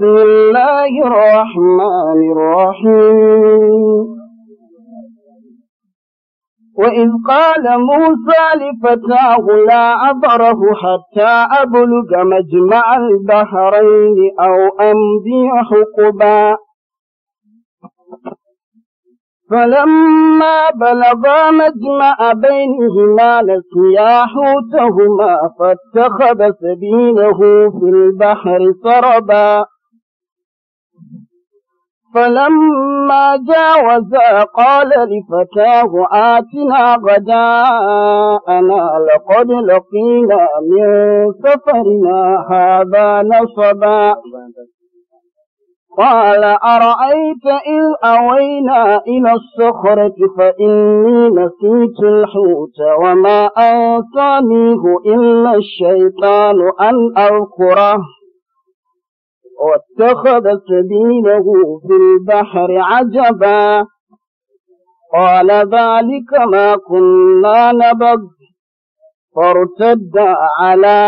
بسم الله الرحمن الرحيم وإذ قال موسى لفتاه لا أبره حتى أبلغ مجمع البحرين أو أمضي حقبا فلما بلغا مجمع بينهما نسيا حوتهما فاتخذ سبيله في البحر سربا فلما جاوزا قال لفتاه آتنا غداءنا لقد لقينا من سفرنا هذا نصبا قال أرأيت إذ أوينا إلى الصخرة فإني نسيت الحوت وما أنسانيه إلا الشيطان أن أذكره واتخذ سبيله في البحر عجبا قال ذلك ما كنا نبغ فارتد على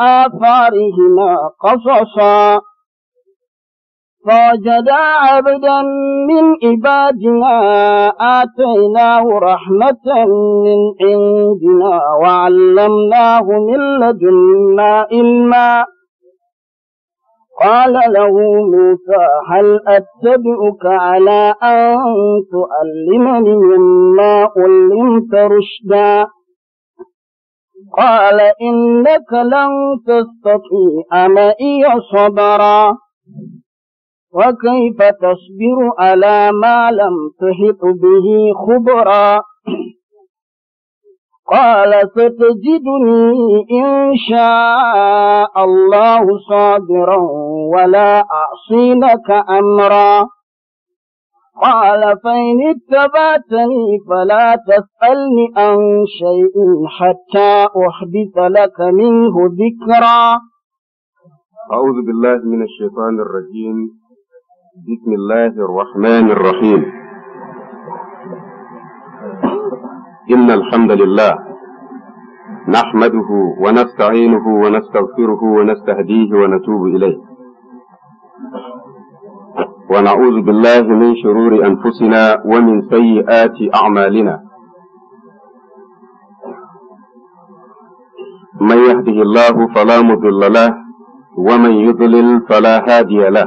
آثارهما قصصا فوجدا عبدا من عبادنا آتيناه رحمة من عندنا وعلمناه من لدنا إِلْمًا قال له موسى هل أتبعك على أن تؤلمني مما علمت رشدا قال إنك لن تستطيع معي صبرا وكيف تصبر على ما لم تحط به خبرا قال ستجدني إن شاء الله صابرا ولا أعصي لك أمرا قال فإن اتبعتني فلا تسألني عن شيء حتى أحدث لك منه ذكرا أعوذ بالله من الشيطان الرجيم بسم الله الرحمن الرحيم إن الحمد لله نحمده ونستعينه ونستغفره ونستهديه ونتوب إليه ونعوذ بالله من شرور أنفسنا ومن سيئات أعمالنا من يهده الله فلا مضل له ومن يضلل فلا هادي له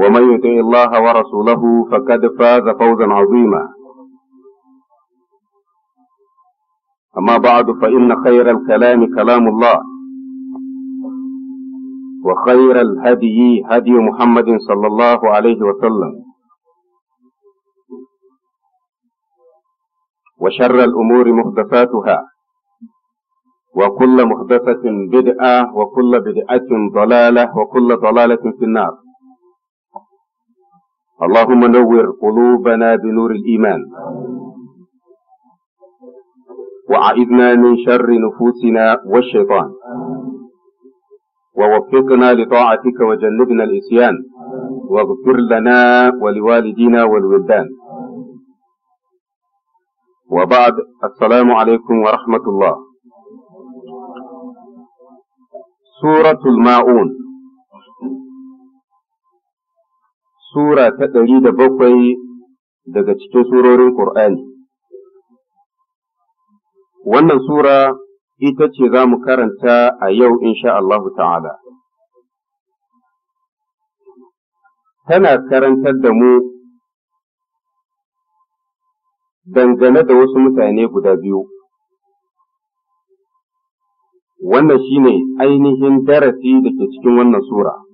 ومن يطع الله ورسوله فقد فاز فوزا عظيما أما بعد فإن خير الكلام كلام الله وخير الهدي هدي محمد صلى الله عليه وسلم وشر الأمور محدثاتها وكل محدثة بدعة وكل بدعة ضلالة وكل ضلالة في النار اللهم نور قلوبنا بنور الإيمان وأعذنا من شر نفوسنا والشيطان ووفقنا لطاعتك وجنبنا الإسيان واغفر لنا ولوالدينا والولدان وبعد السلام عليكم ورحمة الله سورة الماعون sura ta ɗari da bakwai daga cikin surorin Ƙur'ani. Wannan sura ita ce za mu karanta a yau insha Allahu ta'ala. Tana karantar da mu dangane da wasu mutane guda biyu. Wannan shi ne ainihin darasi da ke cikin wannan sura.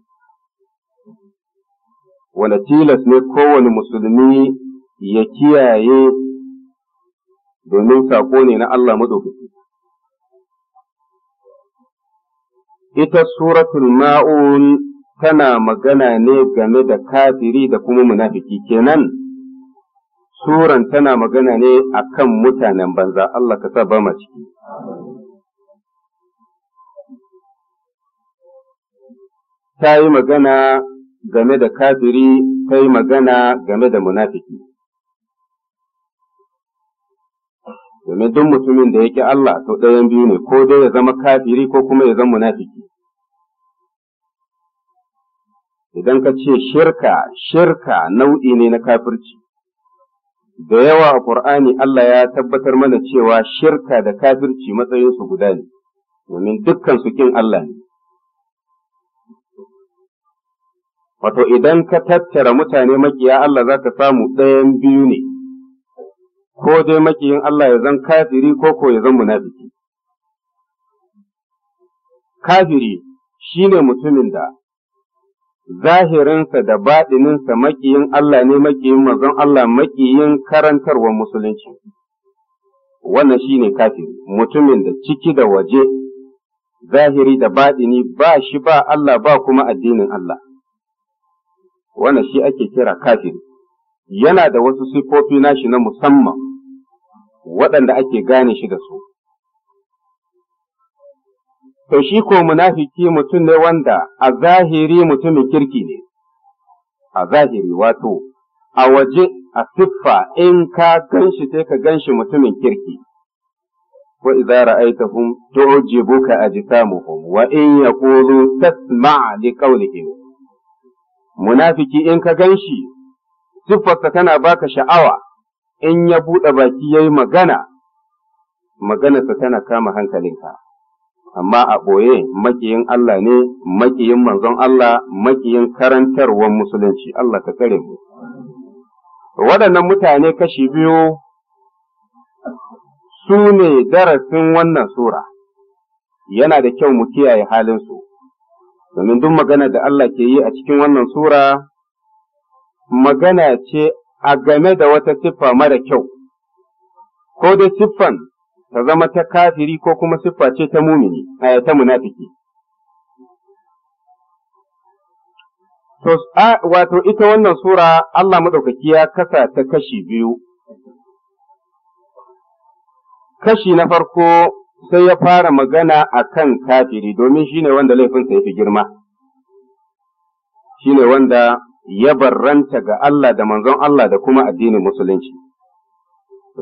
wanda tilas ne kowane musulmi ya kiyaye domin sako ne na Allah maɗaukaki. Ita suratul ma'un tana magana ne game da kafiri da kuma munafiki kenan, suran tana magana ne akan mutanen banza Allah ka sa ba ma ciki. Ta yi magana game da kafiri kai magana game da munafiki. Domin duk mutumin da yake Allah to ɗayan biyu ne, ko dai ya zama kafiri ko kuma ya zama munafiki. Idan ka ce shirka, shirka nau'i ne na kafirci. Da yawa a Ƙur'ani Allah ya tabbatar mana cewa shirka da kafirci matsayinsu guda ne, domin dukkan su kin Allah ne. Wato idan ka tattara mutane makiya Allah za ka samu ɗayan biyu ne, ko dai makiyin Allah ya zan kafiri ko ko ya zan munafiki. Kafiri shi ne mutumin da zahirinsa da baɗininsa makiyin Allah ne makiyin mazan Allah makiyin karantarwar musulunci. Wannan shi ne kafiri, mutumin da ciki da waje, zahiri da baɗini ba shi ba Allah ba kuma addinin Allah. wannan shi ake kira kafiri yana da wasu sifofi nashi na musamman waɗanda ake gane shi da su to shi ko munafiki mutum ne wanda a zahiri mutumin kirki ne a zahiri wato a waje a siffa in ka ganshi sai ka ganshi mutumin kirki wa idza ra'aytahum tu'jibuka ajsamuhum wa in yaqulu tasma' li qawlihim munafiki in ka gan shi siffarsa tana baka sha'awa in ya buɗe baki ya yi magana maganarsa tana kama hankalinka amma a ɓoye makiyin Allah ne makiyin manzon Allah makiyin karantarwar musulunci Allah ka tsare mu waɗannan mutane kashi biyu su ne darasin wannan sura yana da kyau mu kiyaye halinsu domin duk magana da Allah ke yi a cikin wannan sura magana ce a game da wata siffa mara kyau, ko dai siffan ta zama ta kafiri ko kuma siffa ce ta mumini, a eh, ta munafiki. To, wato ita wannan sura Allah maɗaukaki ya kasa ta kashi biyu. Kashi na farko sai ya fara magana a kan kafiri domin shi ne wanda laifinsa ya fi girma, shi ne wanda ya barranta ga Allah da manzon Allah da kuma addinin Musulunci.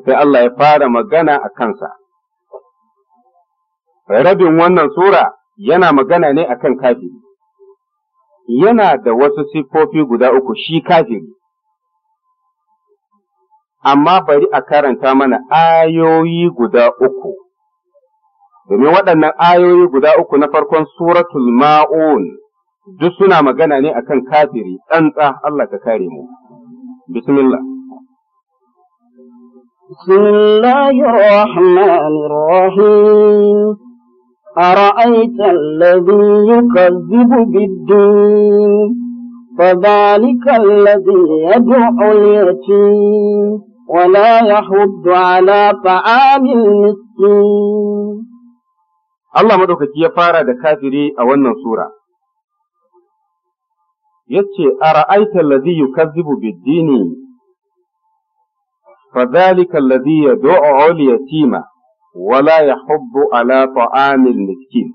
Sai Allah ya fara magana a kansa. Rabin wannan Sura yana magana ne a kan kafiri, yana da wasu siffofi guda uku shi kafiri. Amma bari a karanta mana ayoyi guda uku. domin waɗannan ayoyi guda uku na farkon suratul ma'un duk suna magana ne akan kafiri tsantsa Allah ka kare mu bismillah بسم الله الرحمن الرحيم أرأيت الذي يكذب بالدين فذلك الذي يدعو اليتيم ولا يحض على طعام المسكين Allah maɗaukaki ya fara da kafiri a wannan sura. Yace, Ara'aita lazi yukazzibu biddini, fadhalika lazi ya do'a wala ya hubbu ala ta'amil miskin.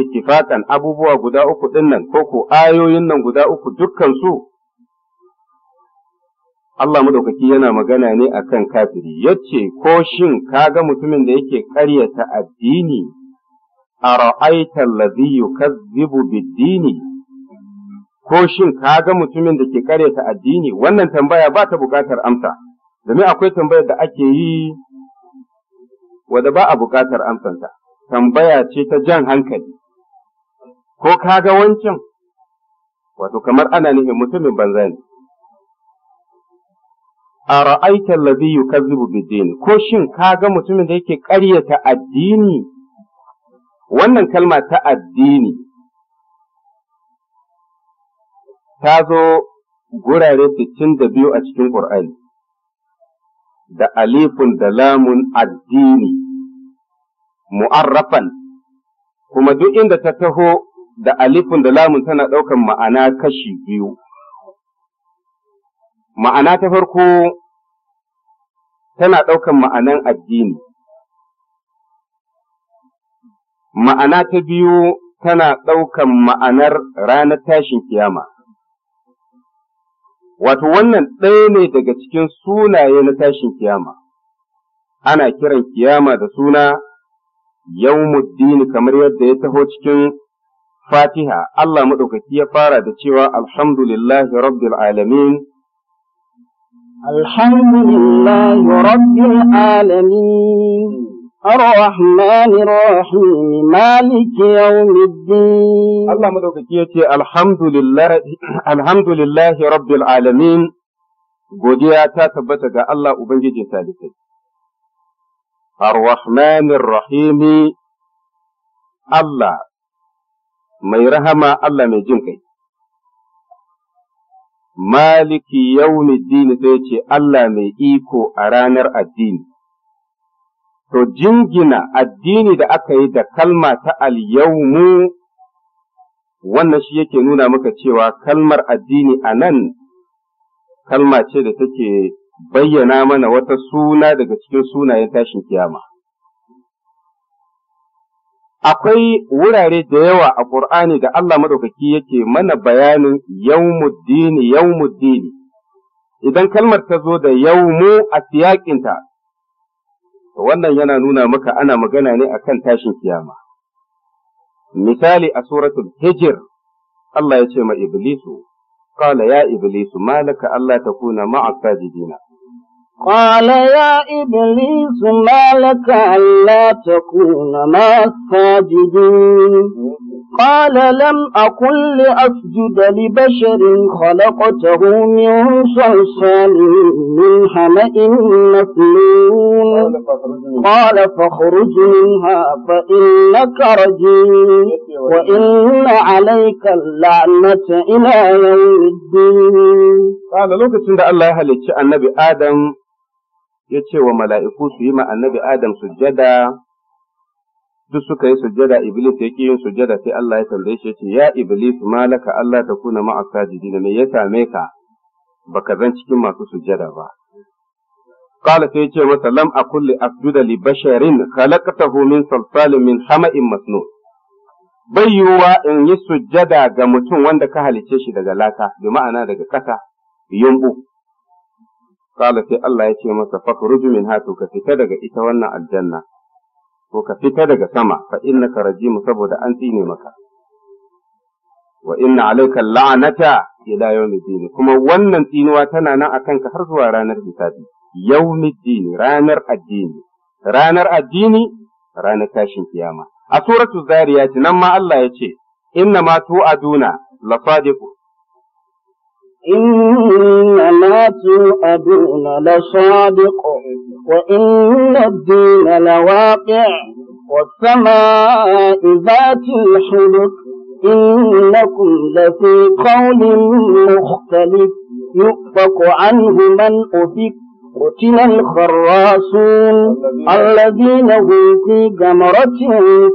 Ittifaqan abubuwa guda uku ɗin nan, ko ayoyin nan guda uku dukansu? Allah madaukaki yana magana ne akan kafiri yace ko shin ka ga mutumin da yake ƙaryata addini a ra'aita allazi yukazzibu biddini ko shin ka ga mutumin da ke ƙaryata addini wannan tambaya ba ta buƙatar amsa domin akwai tambayar da ake yi wadda ba a buƙatar amsanta tambaya ce ta jan hankali ko ka ga wancan wato kamar ana nufin mutumin banza ne a ra'aita alladhi yukazzibu bid-din ko shin ka ga mutumin da yake ƙaryata addini wannan kalma ta addini ta zo gurare biyu a cikin Qur'ani da alifun da lamun addini mu'arrafan kuma duk inda ta taho da alifun da lamun tana ɗaukan ma'ana kashi biyu Ma'ana ta farko tana ɗaukan ma'anan addini, ma'ana ta biyu tana ɗaukan ma'anar ranar tashin kiyama. Wato wannan ɗaya ne daga cikin sunaye na tashin kiyama, ana kiran kiyama da suna yawmuddini kamar yadda ya taho cikin Fatiha, Allah maɗaukaki ya fara da cewa Alhamdulillahi Rabbil Alamin. الحمد لله رب العالمين الرحمن الرحيم مالك يوم الدين الله الحمد لله الحمد لله رب العالمين godiya ta tabbata ga Allah Ubangijin talibai. Ar-Rahmanir Rahimi Allah mai rahama Allah mai jin kai. maliki yaumiddin sai ce Allah mai iko a ranar addini. To jingina addini da aka yi da kalma ta alyaumu wannan shi yake nuna maka cewa kalmar addini a nan kalma ce da take bayyana mana wata suna daga cikin sunayen tashin kiyama. akwai wurare da yawa a Ƙur'ani da Allah madaukaki yake mana bayanin yawmuddini yawmuddini idan kalmar ta zo da yawmu a siyaƙinta wannan yana nuna maka ana magana ne akan tashin kiyama misali a suratul hijr Allah ya ce ma iblisu qala ya iblisu malaka Allah ta kuna ma'a sajidina قال يا إبليس ما لك ألا تكون مع الساجدين قال لم أقل لأسجد لبشر خلقته من صلصال من حمأ مسنون قال فاخرج منها فإنك رجيم وإن عليك اللعنة إلى يوم الدين قال لو عند الله هلك النبي آدم ya ce wa mala'iku su yi ma annabi Adam sujjada duk suka yi sujjada Iblis ya ƙi yin sujjada sai Allah ya tambaye shi ya ce ya Iblis malaka Allah ta kuna ma'a da me ya same ka ba ka zan cikin masu sujjada ba sai ce قال سيتي مثلا لم أكن لأسجد لبشر خلقته من صلصال hama in masno. bai yiwuwa in yi sujjada ga mutum wanda ka halicce shi daga laka, bi ma'ana daga ƙasa, yumbu, Kala sai Allah ya ce masa fakhruj min hatu ka fita daga ita wannan aljanna. Ko ka fita daga sama fa innaka rajim saboda an tsine maka. Wa inna alayka la'anata ila yawmiddin kuma wannan tsinuwa tana nan akan ka har zuwa ranar hisabi. Yawmiddin ranar addini. Ranar addini ranar tashin kiyama. A suratul zariyat nan ma Allah ya ce inna ma tu'aduna la sadiqu إن ما توعدون لصادق وإن الدين لواقع والسماء ذات الحدث إنكم لفي قول مختلف يؤفك عنه من أفك قتل الخراصون الذين هم في جمرة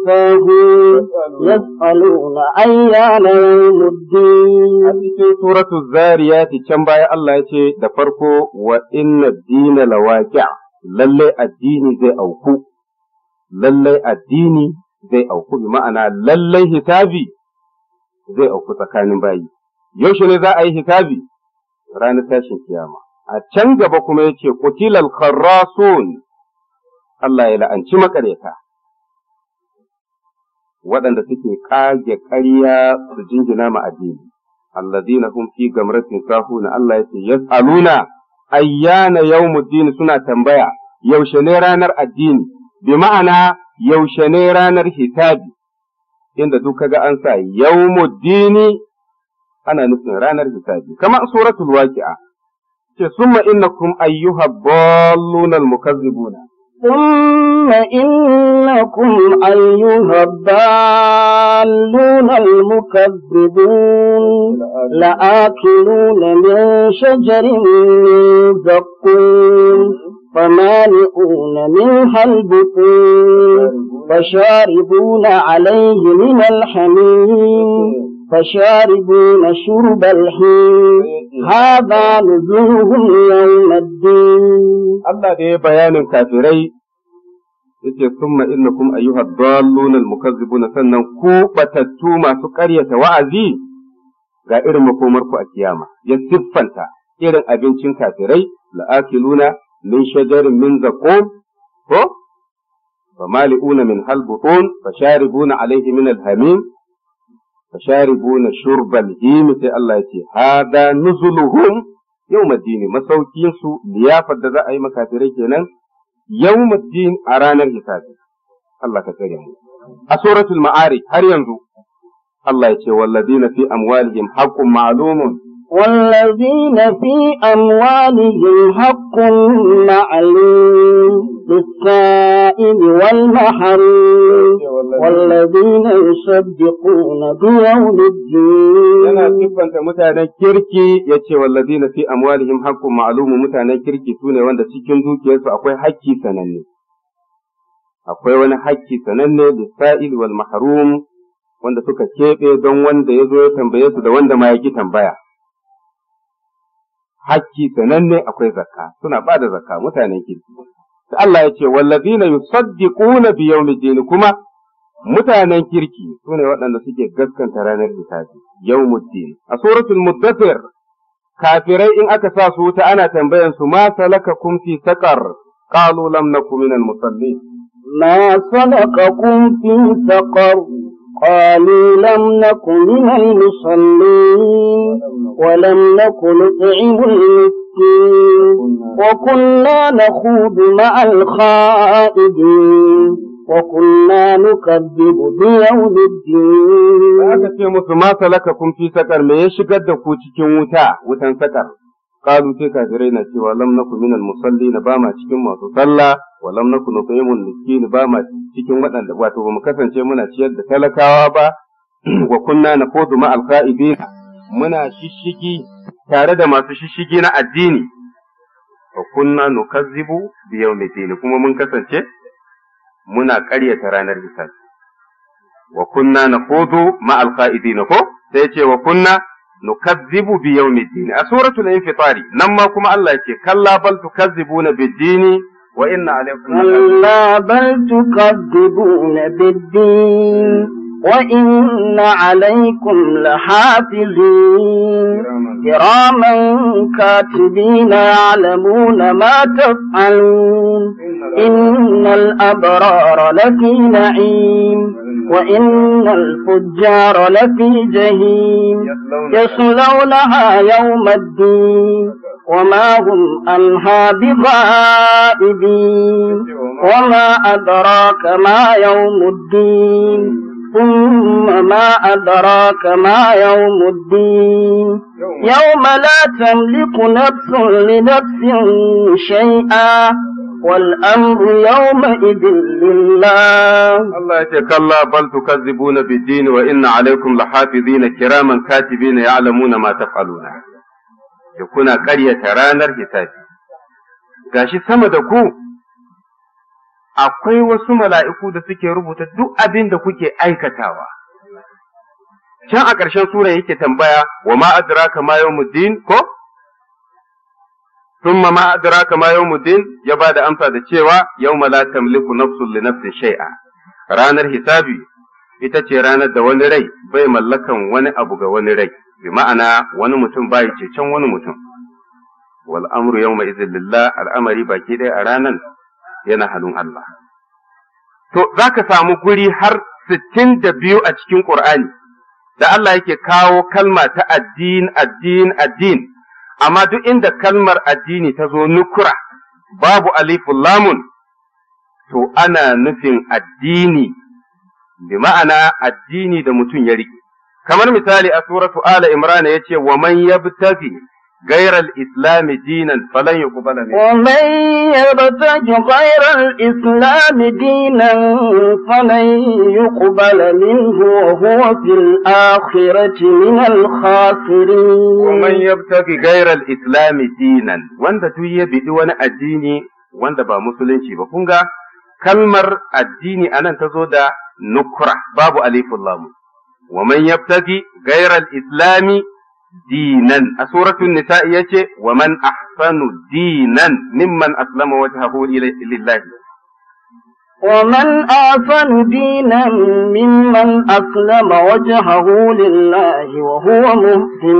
فاهون يسألون أيان يوم الدين سورة الزاريات كم باي الله يتي دفركو وإن الدين لواقع للي الدين زي أوكو للي الدين زي أوكو بمعنى للي هتابي زي أوكو تكاني باي يوشني ذا أي هتابي رانا tashin kiyama a can gaba kuma yace qutilal kharasun Allah ya la'anci makareta waɗanda suke ƙage ƙarya su jingina ma addini alladina hum fi gamratin sahuna Allah yace yas'aluna ayyana yawmuddin suna tambaya yaushe ne ranar addini bi ma'ana yaushe ne ranar hisabi inda duk kaga an sa yawmuddin ana nufin ranar hisabi kamar suratul waqi'a ثم إنكم أيها الضالون المكذبون ثم إنكم أيها الضالون المكذبون لآكلون من شجر من زقوم فمالئون منها البطون فشاربون عليه من الحميم فشاربون شرب الحين هذا ya يوم الدين الله ده بيان كافري yace summa innakum ayyuha dalluna almukazzibuna sannan ku batattu masu karyata wa'azi ga irin makomar ku a kiyama ya siffanta irin abincin kafirai la'akiluna min shajarin min zaqum ko fa mali'una min halbutun fa sharibuna alayhi min alhamim fasharibuna shurbal himi sai Allah ya ce hada nuzuluhum yawmaddin masaukin su liyafar da za a yi makafirai kenan yau yawmaddin a ranar hisabi Allah ka tsare mu a suratul ma'arij har yanzu Allah ya ce na fi amwalihim haqqun ma'lumun والذين في أموالهم حق معلوم للسائل والمحروم والذين يصدقون بيوم الدين أنا كيف أنت متانا كيركي يتشي والذين في أموالهم حق معلوم متانا كيركي سوني وانا سيكون دوكي يسو أقوي حكي سنني أقوي وانا حكي سنني للسائل والمحروم wanda suka keɓe don wanda ya zo ya tambaye su da wanda ma ya ki tambaya. hakki sananne akwai zakka suna ba da zakka mutanen kirki da Allah ya ce wallazina yusaddiquna bi yawmiddin kuma mutanen kirki sune waɗanda suke gaskanta ranar hisabi yawmuddin a suratul muddathir kafirai in aka sa su wuta ana tambayan su ma salakakum fi saqar qalu lam nakum minal musallin ma salakakum fi saqar قالوا لم نكن من المصلين ولم نكن نطعم المسكين وكنا نخوض مع الخائدين وكنا نكذب بيوم الدين aka ce في ma ما fi sakar me ya qalu sai kafirai na cewa lam naku minal musallina ba ma cikin masu sallah wa lam naku nuqimul miskin ba ma cikin waɗanda wato mu kasance muna ciyar da talakawa ba wa kunna naqudu ma alqaidin muna shishigi tare da masu shishigi na addini wa kunna nukazzibu bi yawmiddin kuma mun kasance muna ƙaryata ranar hisabi wa kunna naqudu ma alqaidin ko sai ce wa kunna نكذب بيوم الدين آه، سورة الانفطار نما كما الله يكي كلا بل تكذبون بالدين وإن عليكم كلا بل تكذبون بالدين وإن عليكم لحافظين كراما كاتبين يعلمون ما تفعلون إن الأبرار لفي نعيم وإن الفجار لفي جهيم يصلونها يوم الدين وما هم عنها بغائبين وما أدراك ما يوم الدين ثم ما أدراك ما يوم الدين يوم لا تملك نفس لنفس شيئا والأمر يومئذ لله الله يتكلى بل تكذبون بالدين وإن عليكم لحافظين كراما كاتبين يعلمون ما تفعلون يكون قرية رانر حسابي gashi sama da ku akwai wasu mala'iku da suke rubuta duk abin da kuke aikatawa. Can a ƙarshen sura yake tambaya wa ma adraka ma muddin ko? Sun ma adraka ma muddin ya ba da amsa da cewa yawma la tamliku nafsun li nafsin shai'a. Ranar hisabi ita ce ranar da wani rai bai mallakan wani abu ga wani rai, bi ma'ana wani mutum bai can wani mutum. Wal’amuru yau ma’izin al'amari baki ɗaya a ranar yana hannun Allah. To, za ka samu guri har sittin da biyu a cikin Ƙur'ani, da Allah yake kawo kalma ta addin, addin, addin, amma duk inda kalmar addini ta zo nukura, babu alifun lamun, to ana nufin addini, bi ma'ana addini da mutum ya riƙe. Kamar misali a suratu Ala Imrana ya ce, wa man yabtazi غير الإسلام دينا فلن يقبل منه ومن يبتغ غير الإسلام دينا فلن يقبل منه وهو في الآخرة من الخاسرين ومن يبتغ غير الإسلام دينا وانت توي بدون الدين وانت با مسلم شي بكونغا كلمر الدين أنا تزود نكرة باب أليف الله ومن يبتغي غير الإسلام دينا dinan a suratun nisa ya ce wa man ahsanu dinan mimman aslama wa tahu lillahi wa man ahsanu dinan mimman aslama wa tahu lillahi wa huwa muhsin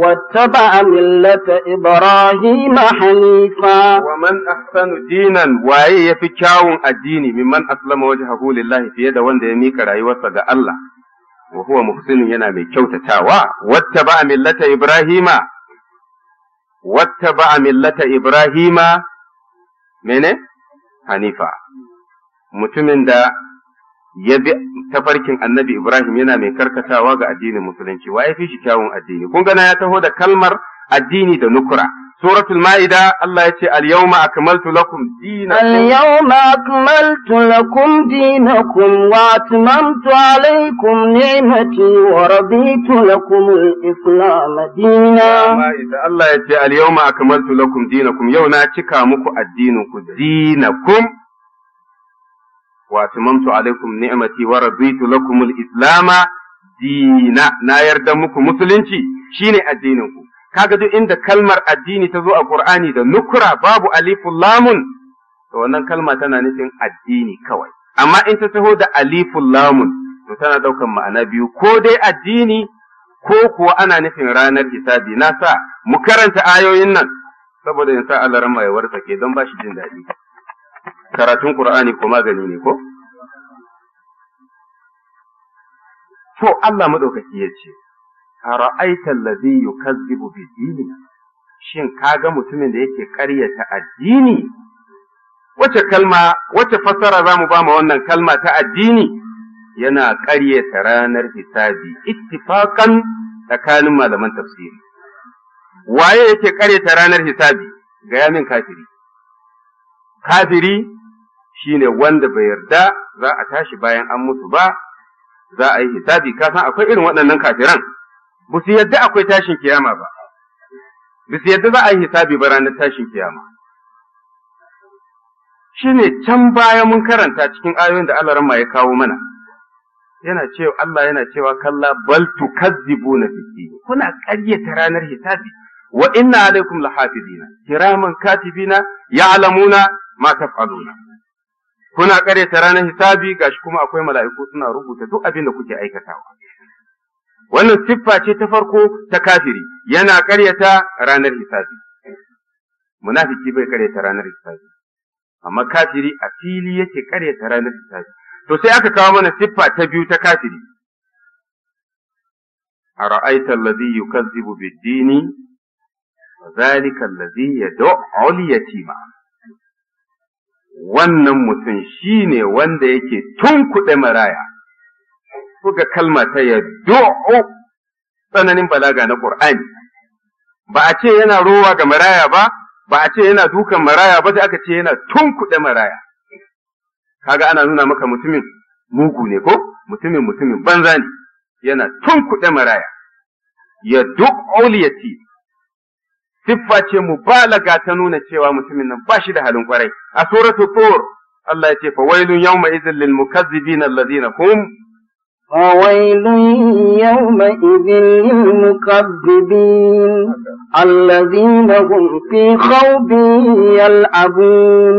wa taba'a millata ibrahima hanifa wa man ahsanu dinan waye yafi kyawun addini mimman aslama wa tahu lillahi fiye da wanda ya mika rayuwarsa ga Allah wa huwa yana mai kyautatawa wattaba millata ibrahima wattaba millata ibrahima mene hanifa mutumin da ya bi tafarkin annabi Ibrahim yana mai karkatawa ga addinin musulunci wa ya fi shi kyawun addini kun ya taho da kalmar addini da nukura سورة المائدة الله يتي اليوم أكملت لكم دينكم اليوم أكملت لكم دينكم وأتممت عليكم نعمتي ورضيت لكم الإسلام دينا الله يتي اليوم أكملت لكم دينكم يونا تكامكو الدينكم دينكم وأتممت عليكم نعمتي ورضيت لكم الإسلام دينا ناير دمكم مسلنتي شيني الدينكم kaga duk inda kalmar addini ta zo a Qur'ani da nukura babu Alifu lamun to wannan kalma tana nufin addini kawai amma in ta taho da alifun lamun to tana daukan ma'ana biyu ko dai addini ko kuwa ana nufin ranar hisabi na sa mu karanta ayoyin nan saboda in sa Allah rama ya ke don ba shi jin daɗi karatun Qur'ani ko magani ne ko to Allah madaukaki ya ce ara'aita allazi yukazzibu bi dinina shin kaga mutumin da yake ƙaryata addini wace kalma wace fasara zamu ba mu wannan kalma ta addini yana ƙaryata ranar hisabi ittifaqan tsakanin malaman tafsiri waye yake ƙaryata ranar hisabi ga yamin kafiri kafiri shine wanda bai yarda za a tashi bayan an mutu ba za a yi hisabi ka san akwai irin waɗannan kafiran ba su yadda akwai tashin kiyama ba, ba su yadda za a yi hisabi ba ranar tashin kiyama. Shi ne can baya mun karanta cikin ayoyin da Allah ya kawo mana, yana cewa Allah yana cewa kalla bal tukazzibu na fiki, kuna karyata ranar hisabi, wa inna alaikum lahafizina, kiraman katibina ya'lamuna ma taf'aluna. Kuna karyata ranar hisabi gashi kuma akwai mala'iku suna rubuta duk abin da kuke aikatawa. wannan siffa ce ta farko ta kafiri yana karyata ranar hisabi munafiki bai karyata ranar hisabi amma kafiri a fili yake karyata ranar hisabi to sai aka kawo mana siffa ta biyu ta kafiri ara'aita alladhi yukazzibu bid-dini zalika alladhi yad'u al-yatima wannan mutum shine wanda yake tunkuɗe maraya buga kalma ta yadu'u tsananin balaga na Qur'ani ba a ce yana rowa ga maraya ba ba a ce yana dukan maraya ba sai aka ce yana tunkuɗe maraya kaga ana nuna maka mutumin mugu ne ko mutumin mutumin banza ne yana tunkuɗe maraya ya duk auliyati siffa ce mubalaga ta nuna cewa mutumin nan ba shi da halin kwarai a suratu tur Allah ya ce fa wailun yawma idhil lil mukazzibina alladhina hum فويل يومئذ للمكذبين الذين هم في خوض يلعبون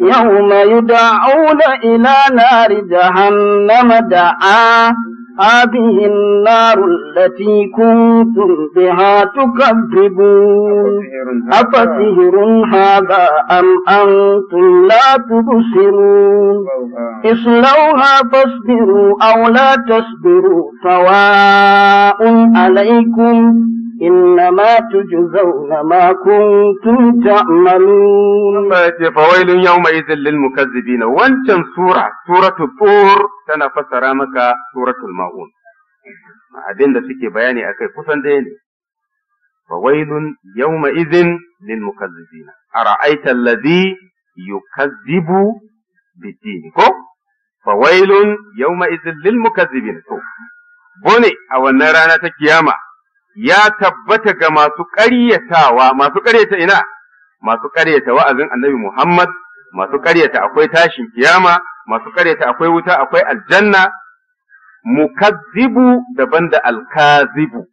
يوم يدعون إلى نار جهنم دعاه هذه النار التي كنتم بها تكذبون أفسهر هذا أم أنتم لا تبصرون اصلوها فاصبروا أو لا تصبروا سواء عليكم إنما تجزون ما كنتم تعملون الله يتي فويل يومئذ للمكذبين وانتم سورة سورة الطور تنا فسر سورة الماؤون abin da suke bayani a kai kusan ɗaya ne fawailun yawma izin lil mukazzibina ara'aita allazi yukazzibu biddin ko fawailun yawma izin a wannan rana ta kiyama ya tabbata ga masu ƙaryatawa masu ƙaryata ina masu ƙaryata wa'azin annabi Muhammad masu ƙaryata akwai tashin kiyama masu ƙaryata akwai wuta akwai aljanna mukazzibu daban da alkazibu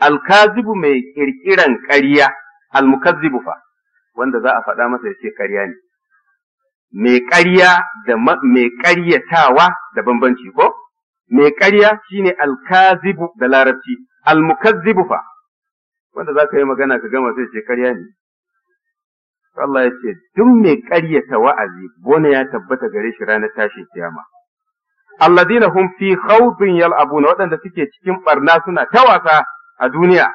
alkazibu mai ƙirƙiran ƙarya almukazzibu fa wanda za a faɗa masa ya ce ƙarya ne mai ƙarya da mai ƙaryatawa da bambanci ko mai ƙarya shine alkazibu da larabci almukazzibu fa wanda za ka yi magana ka gama sai ce karya ne Allah ya ce duk mai ƙaryata wa'azi bone ya tabbata gare shi ranar tashin kiyama alladina hum fi 'yal yal'abuna waɗanda suke cikin barna suna ta wasa a duniya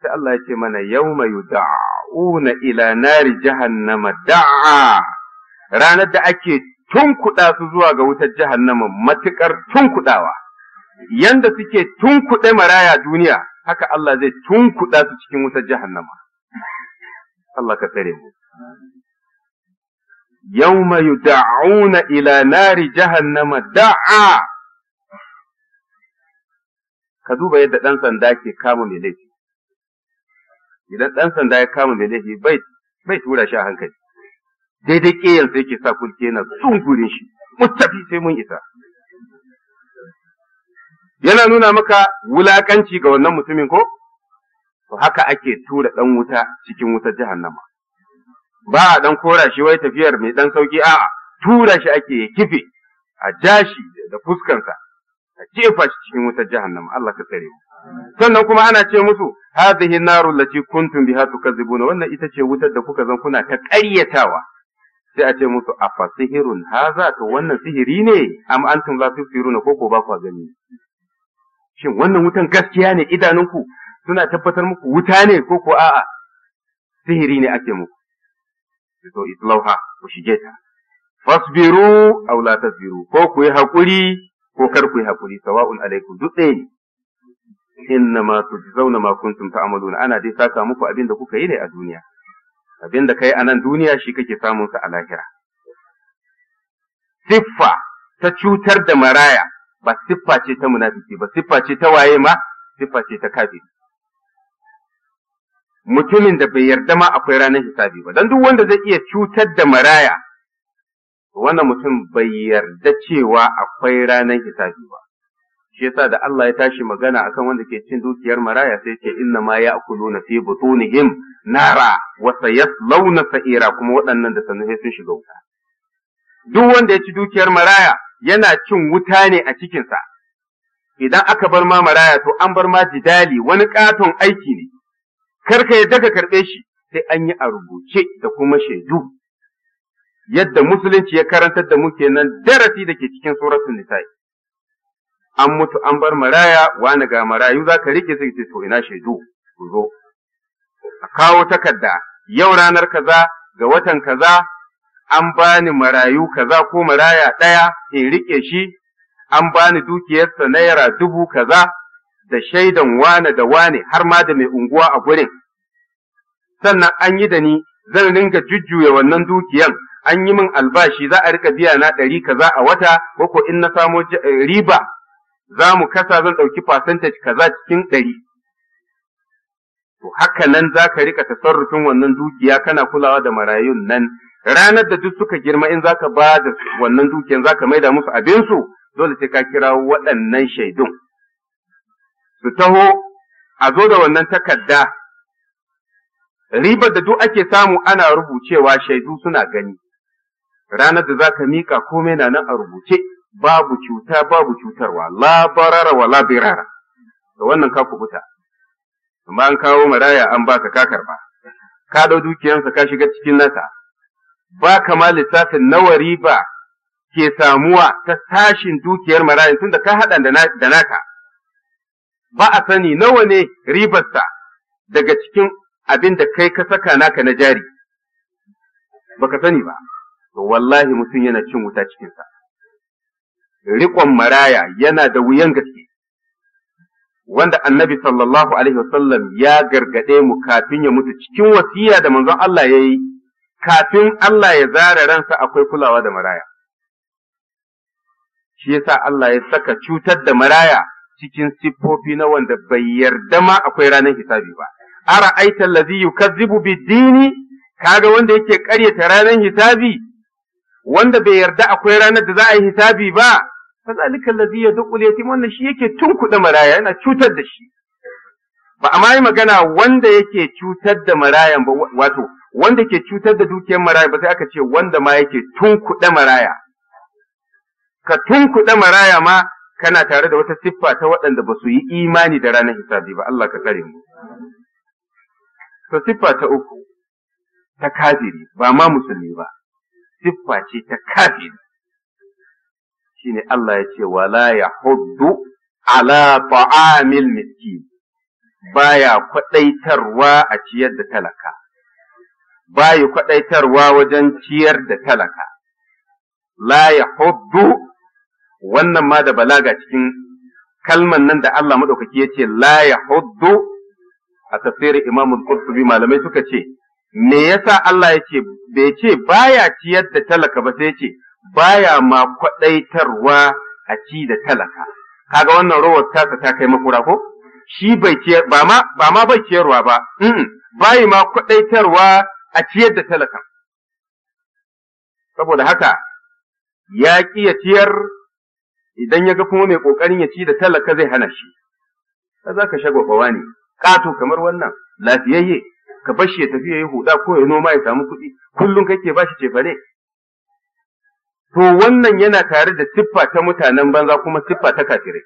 sai Allah ya ce mana yawma yud'auna ila ilanari jahannama da'a ranar da ake tunkuɗa su zuwa ga wutar jahannama matukar tunkuɗawa yanda suke tunkuɗe maraya duniya haka Allah zai tunkuɗa su cikin wutar jahannama Allah ka tsare mu yawma yud'auna ila nari jahannama da'a ka duba yadda ɗan sanda ke kama mai laifi idan ɗan sanda ya kama mai laifi bai tura shi a hankali daidai ƙeyar sai ke sa kulke sun tsungurin shi mutafi sai mun isa yana nuna maka wulakanci ga wannan mutumin ko to haka ake tura ɗan wuta cikin wutar jahannama ba a dan kora shi wai tafiyar mai ɗan sauki a'a tura shi ake kife a jashi da fuskansa a jefa shi cikin wutar jahannama Allah ka tsare mu sannan kuma ana ce musu hadhihi narul lati kuntum biha tukazibuna wannan ita ce wutar da kuka zan kuna ta ƙaryatawa sai a ce musu afasihirun haza to wannan sihiri ne am antum la tusiruna ko ko ba ku gani shin wannan wutan gaskiya ne idanunku suna tabbatar muku wuta ne ko ko a'a sihiri ne ake muku to islauha ku shige ta fasbiru aw la tasbiru ko ku yi hakuri ko kar ku yi hakuri sawa'un alaikum duk ɗaya inna ma tujzauna ma kuntum ta'maluna ana dai saka muku abin da kuka yi ne a duniya abin da kai a nan duniya shi kake samun sa a lahira siffa ta cutar da maraya ba siffa ce ta munafiki ba siffa ce ta waye ma siffa ce ta kafi mutumin da bai yarda ma akwai ranar hisabi ba dan duk wanda zai iya cutar da maraya wannan mutum bai yarda cewa akwai ranar hisabi ba shi yasa da Allah ya tashi magana akan wanda ke cin dukiyar maraya sai ce inna ma ya'kuluna fi butunihim nara wa sayaslawna sa'ira kuma waɗannan da sanin sun shiga wuta duk wanda ya ci dukiyar maraya yana cin wuta ne a cikinsa idan aka bar ma maraya to an bar ma jidali wani katon aiki ne kar ka yadda ka karɓe shi sai an yi a rubuce da kuma shaidu yadda musulunci ya karantar da muke nan darasi da ke cikin suratul nisa'i an mutu an bar maraya wani ga marayu za ka rike sai to ina shaidu ku zo a kawo takarda yau ranar kaza ga watan kaza an bani marayu kaza ko maraya ɗaya in riƙe shi, an bani dukiyarsa naira dubu kaza da shaidan wane da wane har ma da mai unguwa a gurin. Sannan an yi da ni zan ringa jujjuya wannan dukiyan an yi min albashi za a rika biya na ɗari kaza a wata ko in na samo eh, riba za mu kasa zan ɗauki percentage kaza cikin ɗari. To haka nan za ka rika tasarrufin wannan dukiya kana kulawa da marayun nan ranar da duk suka girma in zaka ba da wannan dukiyan zaka maida musu abinsu dole sai ka kira waɗannan shaidun su taho a zo da wannan takarda ribar da duk ake samu ana rubucewa shaidu suna gani ranar da zaka mika komai na nan a rubuce babu cuta babu cutarwa la barara wa la birara da wannan ka kubuta amma an kawo maraya an baka ka karba ka dau dukiyansa ka shiga cikin nasa ba kama lissafin nawa riba ke samuwa ta tashin dukiyar marayin tunda ka haɗa da naka ba a sani nawa ne ribarsa daga cikin abin da kai ka saka naka na jari Ba ka sani ba ba wallahi mutum yana cin wuta cikinsa riƙon maraya yana da wuyan gaske wanda annabi sallallahu alaihi wasallam ya gargaɗe mu kafin ya mutu cikin wasiya da manzon Allah ya yi kafin Allah ya zara ransa akwai kulawa da maraya. Shi yasa Allah ya saka cutar da maraya cikin siffofi na wanda bai yarda ma akwai ranar hisabi ba. Ara aita lazi yukazzibu bid-dini kaga wanda yake ƙaryata ranar hisabi wanda bai yarda akwai ranar da za a yi hisabi ba fazalika duk yadqu yake wannan shi yake tunkuɗa maraya yana cutar da shi ba a yi magana wanda yake cutar da marayan ba wato wanda ke cutar da dukiyar maraya ba sai aka ce wanda ma yake tunkuɗe maraya ka tunkuɗe maraya ma kana tare da wata siffa ta waɗanda ba su yi imani da ranar hisabi ba Allah ka kare mu to siffa ta uku ta kafiri ba ma musulmi ba siffa ce ta kafiri shine Allah ya ce wala ya huddu ala ta'amil miski, baya kwaɗaitarwa a ciyar da talaka bayi kwaɗaitarwa wajen ciyar da talaka. La ya hudu wannan ma da balaga cikin kalman nan da Allah maɗaukaki ya ce la ya hudu a tafsirin Imam Qurtubi malamai suka ce me yasa Allah ya ce bai ce baya ciyar da talaka ba sai ce baya ma kwaɗaitarwa a ci da talaka kaga wannan rawar tasa ta kai makura ko shi bai ciyar ba ma ba ma bai ciyarwa ba bayi ma kwaɗaitarwa a ciyar da talakan saboda haka ya ƙi ya ciyar idan ya ga kuma mai ƙoƙarin ya ci da talaka zai hana shi ka za ka shagwabawa ne ƙato kamar wannan lafiyayye ka bashi ya tafi ya yi huda ko ya noma ya samu kuɗi kullum kake ba shi cefane to wannan yana tare da siffa ta mutanen banza kuma siffa ta kafirai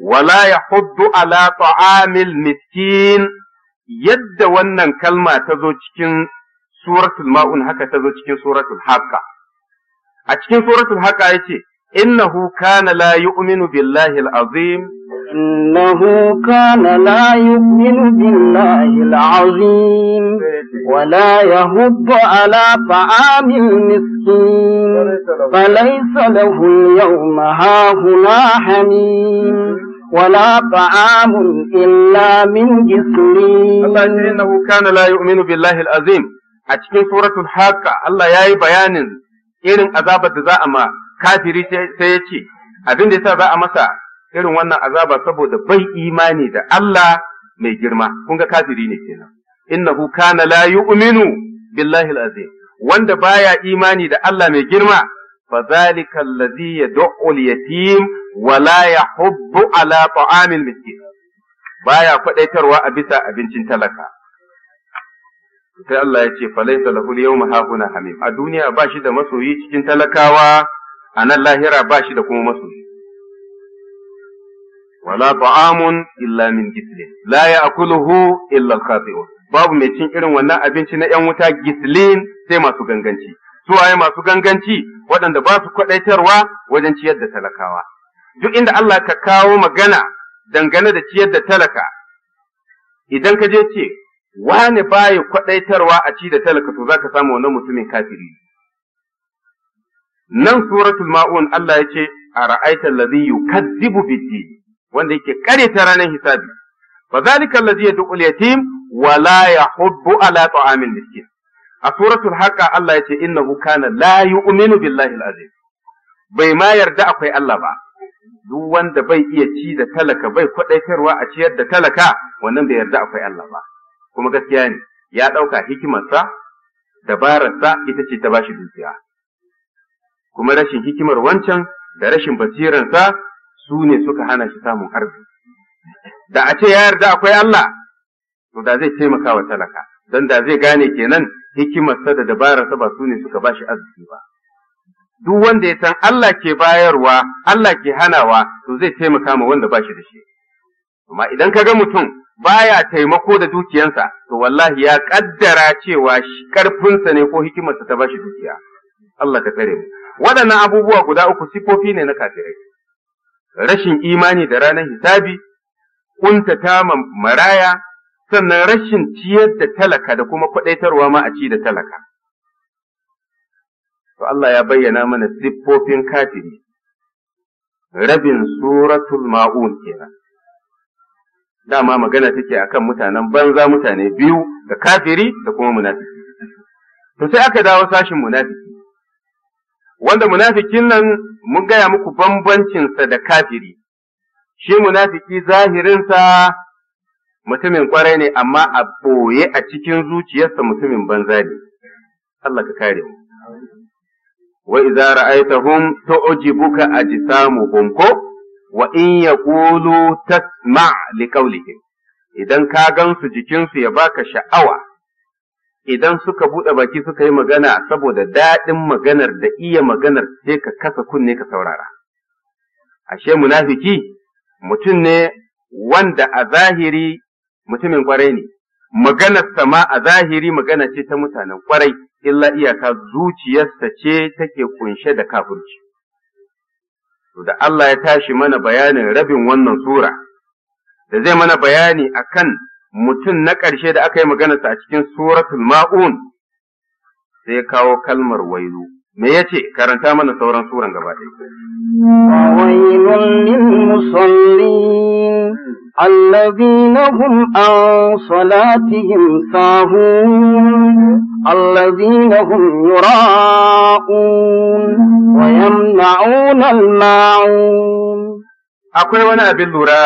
wala ya huddu ala ta'amil miskin yadda wannan kalma ta zo cikin سورة الماؤن هكا تزو تكين سورة الحاقة أتكين سورة الحاقة يتي إنه كان لا يؤمن بالله العظيم إنه كان لا يؤمن بالله العظيم ولا يهب على طعام المسكين فليس له اليوم هاهنا حميم ولا طعام إلا من جسرين الله إنه كان لا يؤمن بالله العظيم a cikin suratul haka Allah ya yi bayanin irin azabar da za a ma kafiri sai ya ce abin da yasa za a masa irin wannan azaba saboda bai imani da Allah mai girma kun ga kafiri ne kenan innahu kana la yu'minu billahi wanda baya imani da Allah mai girma فذلك الذي yatim wala, ya hubbu على طعام المسكين baya kwadaitarwa a bisa abincin talaka sai Allah ya ce falaisa lahu yawma hahuna hamim a duniya ba shi da masoyi cikin talakawa a nan lahira ba shi da kuma masoyi wala ta'amun illa min gisli la ya'kuluhu illa al-khati'un babu mai cin irin wannan abinci na yan wuta gislin sai masu ganganci su waye masu ganganci waɗanda ba su kwaɗaitarwa wajen ciyar da talakawa duk inda Allah ka kawo magana dangane da ciyar da talaka idan ka je ce wani baya kwaɗaitarwa a ci da talaka to zaka samu wannan mutumin kafiri nan suratul ma'un Allah ya ce a ra'aitar ladhi yukazzibu biddi, wanda yake ta ranar hisabi fa zalika alladhi yad'u al-yatim wa la hubbu ala ta'amin miskin a suratul haka Allah ya ce innahu kana la yu'minu billahi al bai ma yarda akwai Allah ba duk wanda bai iya ci da talaka bai kwaɗaitarwa a ciyar da talaka wannan bai yarda akwai Allah ba kuma gaskiya ne ya ɗauka hikimarsa dabararsa ita ce ta bashi dukiya kuma rashin hikimar wancan da rashin basiransa su ne suka hana shi samun arziki da a ce ya yarda akwai Allah to da zai taimaka wa talaka don da zai gane kenan hikimarsa da dabararsa ba su ne suka bashi arziki ba duk wanda ya san Allah ke bayarwa Allah ke hanawa to zai taimaka ma wanda bashi da shi amma idan ka ga mutum baya taimako da dukiyansa to wallahi ya ƙaddara cewa ƙarfinsa ne ko hikimarsa ta bashi dukiya Allah ka tsare mu waɗannan abubuwa guda uku sifofi ne na kafirai rashin imani da ranar hisabi kuntata maraya sannan rashin ciyar da talaka da kuma kwadaitarwa ma a ci da talaka to Allah ya bayyana mana siffofin kafiri rabin suratul ma'un kenan dama magana take akan mutanen banza mutane biyu da kafiri da kuma munafiki to sai aka dawo sashin munafiki wanda munafikin nan mun gaya muku bambancinsa da kafiri shi munafiki zahirinsa mutumin kwarai ne amma a ɓoye a cikin zuciyarsa mutumin banza ne Allah ka kare mu wa idza ra'aytahum tu'jibuka ajsamuhum ko wa in yaqulu tasma' liqawlihim idan ka gansu jikinsu ya baka sha'awa idan suka buɗe baki suka yi magana saboda daɗin maganar da iya maganar sai ka kasa kunne ka saurara ashe munafiki mutum ne wanda a zahiri mutumin kwarai ne maganar sama a zahiri magana ce ta mutanen kwarai illa iyaka zuciyarsa ce take kunshe da kafirci To da Allah ya tashi mana bayanin rabin wannan sura, da zai mana bayani akan mutum na ƙarshe da aka yi maganarsa a cikin suratul ma'un, sai kawo kalmar wailu. me yace karanta mana sauran suran gaba ɗaya الذين هم عن صلاتهم ساهون الذين هم يراءون ويمنعون الماعون akwai wani abin lura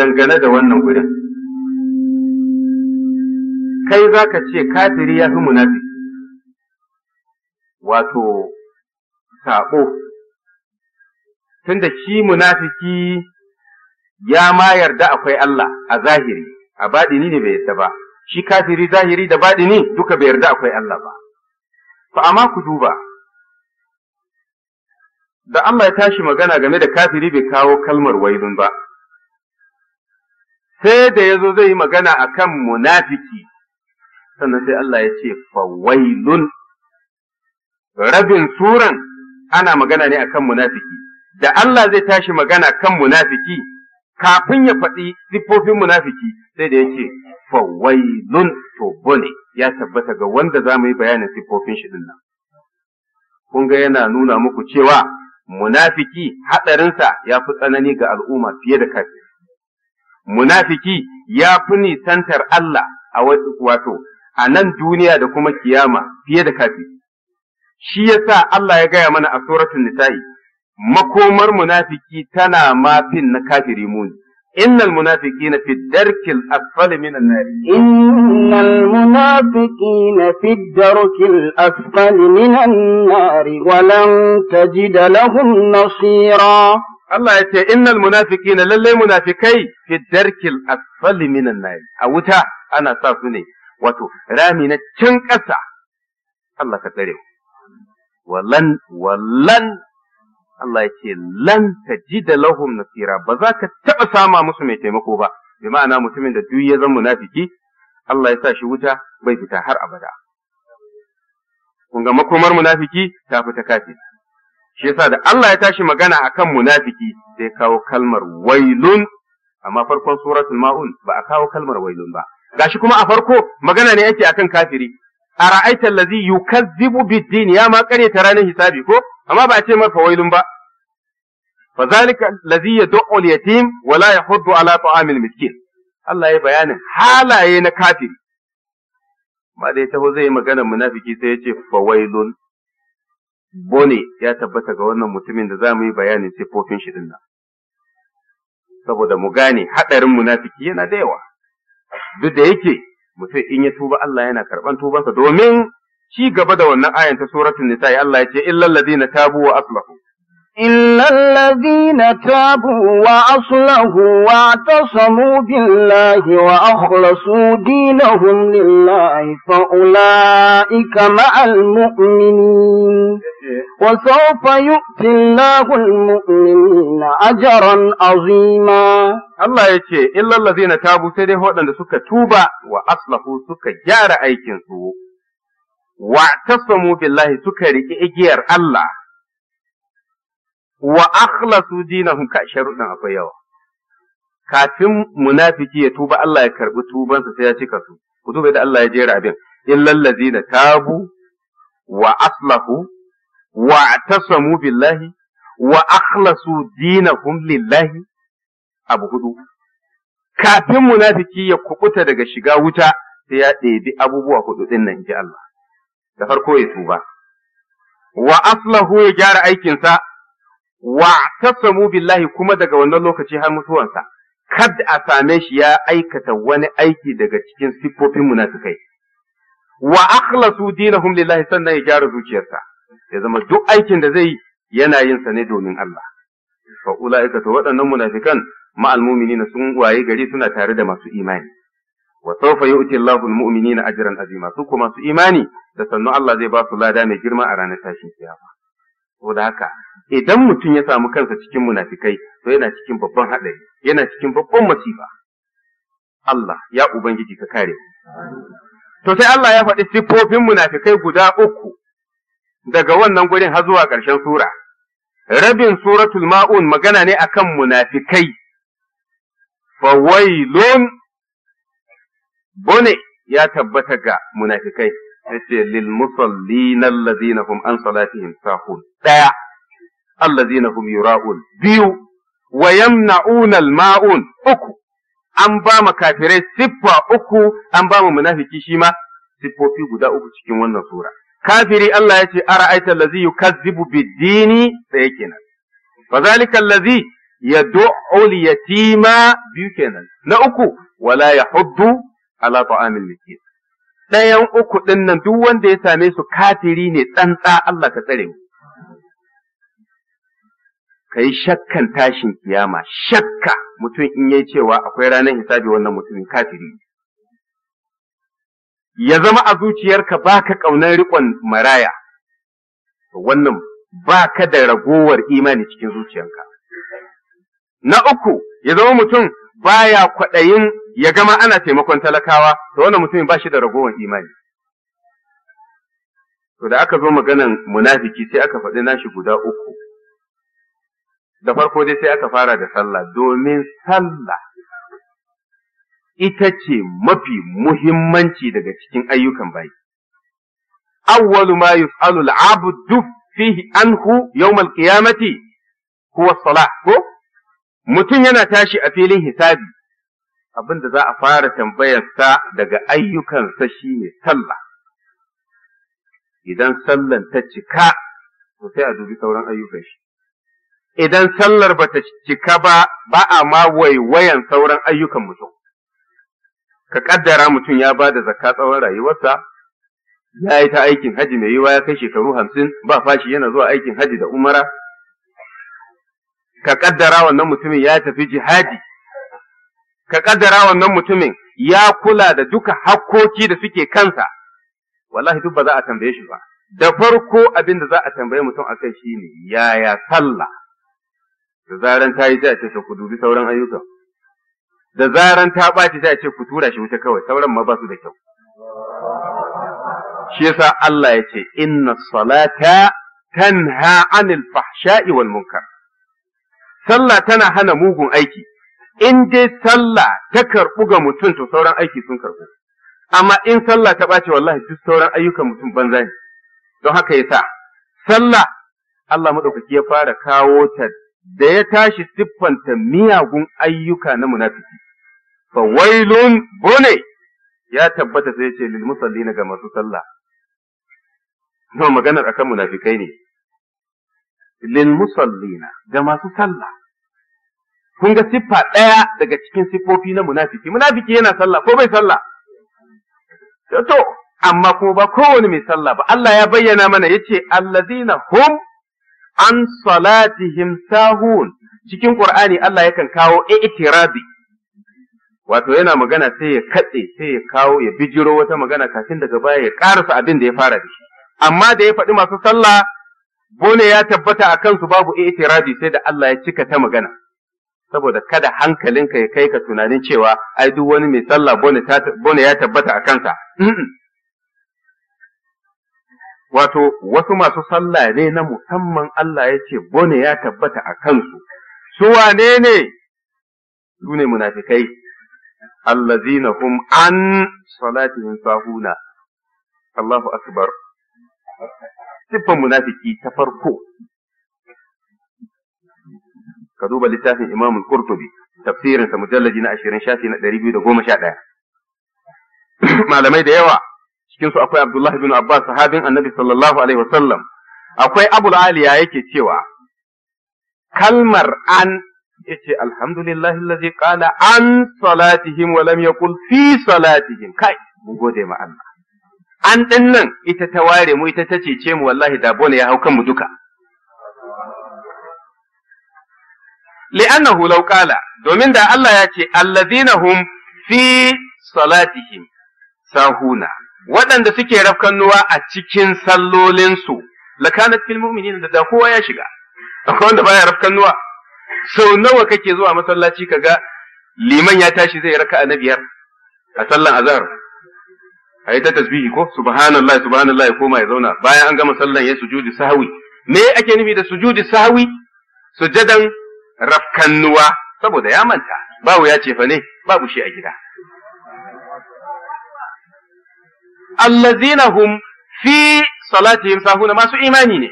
dangane da wannan wurin kai zaka ce kafiri ya fi munafiki wato saƙo, tunda shi munafiki ya ma yarda akwai Allah a zahiri, a baɗini ne bai yarda ba, shi kafiri zahiri da baɗini duka bai yarda akwai Allah ba. Fa amma ku duba, da Allah ya tashi magana game da kafiri bai kawo kalmar wailun ba, sai da ya zo zai yi magana a kan munafiki, sannan sai Allah ya ce, fa wailun rabin suran ana magana ne akan munafiki da Allah zai tashi magana kan munafiki kafin ya faɗi siffofin munafiki sai da yake fawailun to bone ya tabbata ga wanda za mu yi bayanin siffofin shi dinnan kun ga yana nuna muku cewa munafiki haɗarinsa ya fi tsanani ga al'umma fiye da kafi munafiki ya fi nisantar Allah a wato a nan duniya da kuma kiyama fiye da kafi shi yasa Allah ya gaya mana a suratul nisa'i makomar munafiki tana mafin na kafiri muni إن المنافقين في الدرك الأسفل من النار إن المنافقين في الدرك الأسفل من النار ولن تجد لهم نصيرا Allah ya ce innal munafiqina lallai munafikai fi darkil asfali minan nar a wuta ana sa su ne wato rami na can ƙasa Allah ka tsare mu walan walan Allah ya ce lan da lahum nasira ba za ka taɓa sama musu mai taimako ba bi ma'ana mutumin da duk ya zama munafiki Allah ya sa shi wuta bai fita har abada kun ga makomar munafiki ta fita kafin shi yasa da Allah ya tashi magana akan munafiki sai kawo kalmar wailun amma farkon suratul ma'un ba a kawo kalmar wailun ba gashi kuma a farko magana ne yake akan kafiri ara'aita allazi yukazzibu bid-din ya ma ta ranar hisabi ko amma ba a ce mai fawailun ba fa zalika allazi yad'u al-yatim wa la yahuddu ala ta'amil miskin Allah ya bayanin halaye na kafiri ma dai taho zai yi magana munafiki sai ya ce fawailun bone ya tabbata ga wannan mutumin da zamu yi bayanin sifofin shi nan. saboda mu gane hadarin munafiki yana da yawa duk da yake mutum in ya tuba Allah yana karɓan tubansa domin ci gaba da wannan ayan ta suratul nisa Allah ya ce illal ladina tabu wa aslahu إلا الذين تابوا وأصلحوا واعتصموا بالله وأخلصوا دينهم لله فأولئك مع المؤمنين وسوف يؤتي الله المؤمنين أجرا عظيما Allah ya ce, Illa lazina tabu sai dai waɗanda suka tuba wa aslahu suka gyara aikinsu, wa tasamu suka riƙe igiyar Allah, wa akhlasu dinahum ka sharuɗin akwai yawa kafin munafiki ya tuba Allah ya karbi tubansa sai ya cika su ku duba da Allah ya jera abin illal ladina tabu wa aslahu wa tasamu billahi wa akhlasu dinahum lillahi abu hudu kafin munafiki ya kubuta daga shiga wuta sai ya ɗebi abubuwa hudu din nan ji Allah da farko ya tuba wa aslahu ya gyara aikinsa wa tasamu billahi kuma daga wannan lokaci har mutuwansa kad a same shi ya aikata wani aiki daga cikin siffofin munafikai wa akhlasu dinahum lillahi sannan ya gyara zuciyarsa ya zama duk aikin da zai yana yin sa ne domin Allah fa ulaika to waɗannan munafikan ma almu'minina sun waye gari suna tare da masu imani wa sawfa yu'ti Allahu almu'minina ajran azima su kuma su imani da sannu Allah zai ba su lada mai girma a ranar tashin kiyama saboda haka idan mutum ya samu kansa cikin munafikai to yana cikin babban haɗari yana cikin babban masifa Allah ya ubangiji ka kare to sai Allah ya faɗi siffofin munafikai guda uku daga wannan gurin har zuwa ƙarshen sura rabin suratul ma'un magana ne akan munafikai fawailun bone ya tabbata ga munafikai yace lil musallina alladhina hum an salatihim sahun ɗaya zai hum yura'un biyu wa yamna'una al-ma'un uku an ba ma kafirai siffa uku an ba mu munafiki shi ma siffofi guda uku cikin wannan sura kafiri Allah ya ce ara'aita allazi yukazzibu bid-dini ɗaya kenan fa zalika allazi yad'u al-yatima biyu kenan na uku wala yahuddu ala ta'amil miskin ɗayan uku ɗin nan duk wanda ya same su kafiri ne tsantsa Allah ka tsare mu ka yi shakkan tashin kiyama shakka mutum in yi cewa akwai ranar hisabi wannan mutumin kafiri ya zama a zuciyarka ba ka ƙaunar riƙon maraya wannan ba ka da ragowar imani cikin zuciyarka na uku ya zama mutum baya kwaɗayin ya gama ana taimakon talakawa to wannan mutumin ba shi da ragowar imani to da aka zo maganan munafiki sai aka faɗi nashi guda uku da farko dai sai aka fara da sallah domin sallah ita ce mafi muhimmanci daga cikin ayyukan bayi. Awwalu ma yus'alu al'abdu fihi anhu yawmal qiyamati huwa salah ko mutum yana tashi a filin hisabi abin da za a fara tambayarsa daga ayyukansa shine sallah idan sallan ta cika to sai a dubi sauran ayyukan shi idan sallar ba ta cika ba ba a ma waiwayan sauran ayyukan mutum. Ka ƙaddara mutum ya ba da zakka tsawon rayuwarsa, ya yi ta aikin haji mai yiwa ya kai shekaru hamsin ba fashi yana zuwa aikin haji da umara. Ka ƙaddara wannan mutumin ya tafi jihadi, ka ƙaddara wannan mutumin ya kula da duka hakkoki da suke kansa, wallahi duk ba za a tambaye shi ba. Da farko abin da za a tambaye mutum a kai shi ne yaya sallah. da zaran ta yi sai a ce ku dubi sauran ayyukan da zaran ta ɓaci sai a ce ku tura shi wuta kawai sauran ma ba su da kyau shi yasa Allah ya ce inna salata tanha anil fahsha'i wal munkar sallah tana hana mugun aiki in dai sallah ta karɓu ga mutum to sauran aiki sun karɓu amma in sallah ta ɓace wallahi duk sauran ayyukan mutum banza ne don haka yasa sallah Allah madaukaki ya fara kawo ta da ya tashi siffanta miyagun ayyuka na munafiki fa wailun bune ya tabbata sai ce lil musallina ga masu sallah no maganar akan munafikai ne lil musallina ga masu sallah kun ga siffa ɗaya daga cikin siffofi na munafiki munafiki yana sallah ko bai sallah to amma kuma ba kowane mai sallah ba Allah ya bayyana mana yace allazina hum an salatihim sahun cikin Qur'ani Allah yakan kawo i'tirabi wato yana magana sai ya katse sai ya kawo ya bijiro wata magana kafin daga baya ya karasa abin da ya fara da shi amma da ya faɗi masu sallah bone ya tabbata a kansu babu i'tirabi sai da Allah ya cika ta magana saboda kada hankalinka ya kai ka tunanin cewa ai duk wani mai sallah bone ya tabbata a kansa wato wasu masu sallah ne na musamman Allah ya ce bone ya tabbata a kansu, su wane ne su ne munafikai, allazina hum an salatihim sahuna, Allahu akbar. Siffan munafiki ta farko, ka duba littafin Imamin Qurtubi tafsirinsa mujallaji na ashirin shafi na ɗari biyu da goma sha ɗaya. Malamai da yawa cikinsu akwai Abdullahi bin Abbas sahabin annabi sallallahu alaihi wasallam akwai Abu Aliya yake cewa kalmar an yace alhamdulillah allazi qala an salatihim wa lam yaqul fi salatihim kai mun gode ma Allah an din nan ita ta ware mu ita ta cece mu wallahi da bone ya hau mu duka li'annahu law qala domin da Allah ya ce allazina hum fi salatihim sahuna waɗanda suke rafkan nuwa a cikin sallolinsu lakanat fil mu'minin da da kowa ya shiga akwai wanda baya nuwa, sau nawa kake zuwa masallaci ka ga liman ya tashi zai raka a na biyar a sallan azhar a yi ta tasbihi ko subhanallah subhanallah ya koma ya zauna bayan an gama sallan ya sujudi sahwi me ake nufi da sujudi sahwi sujadan rafkannuwa saboda ya manta babu ya ce fa ne babu shi a gida allazina hum fi salatihim sahuna masu imani ne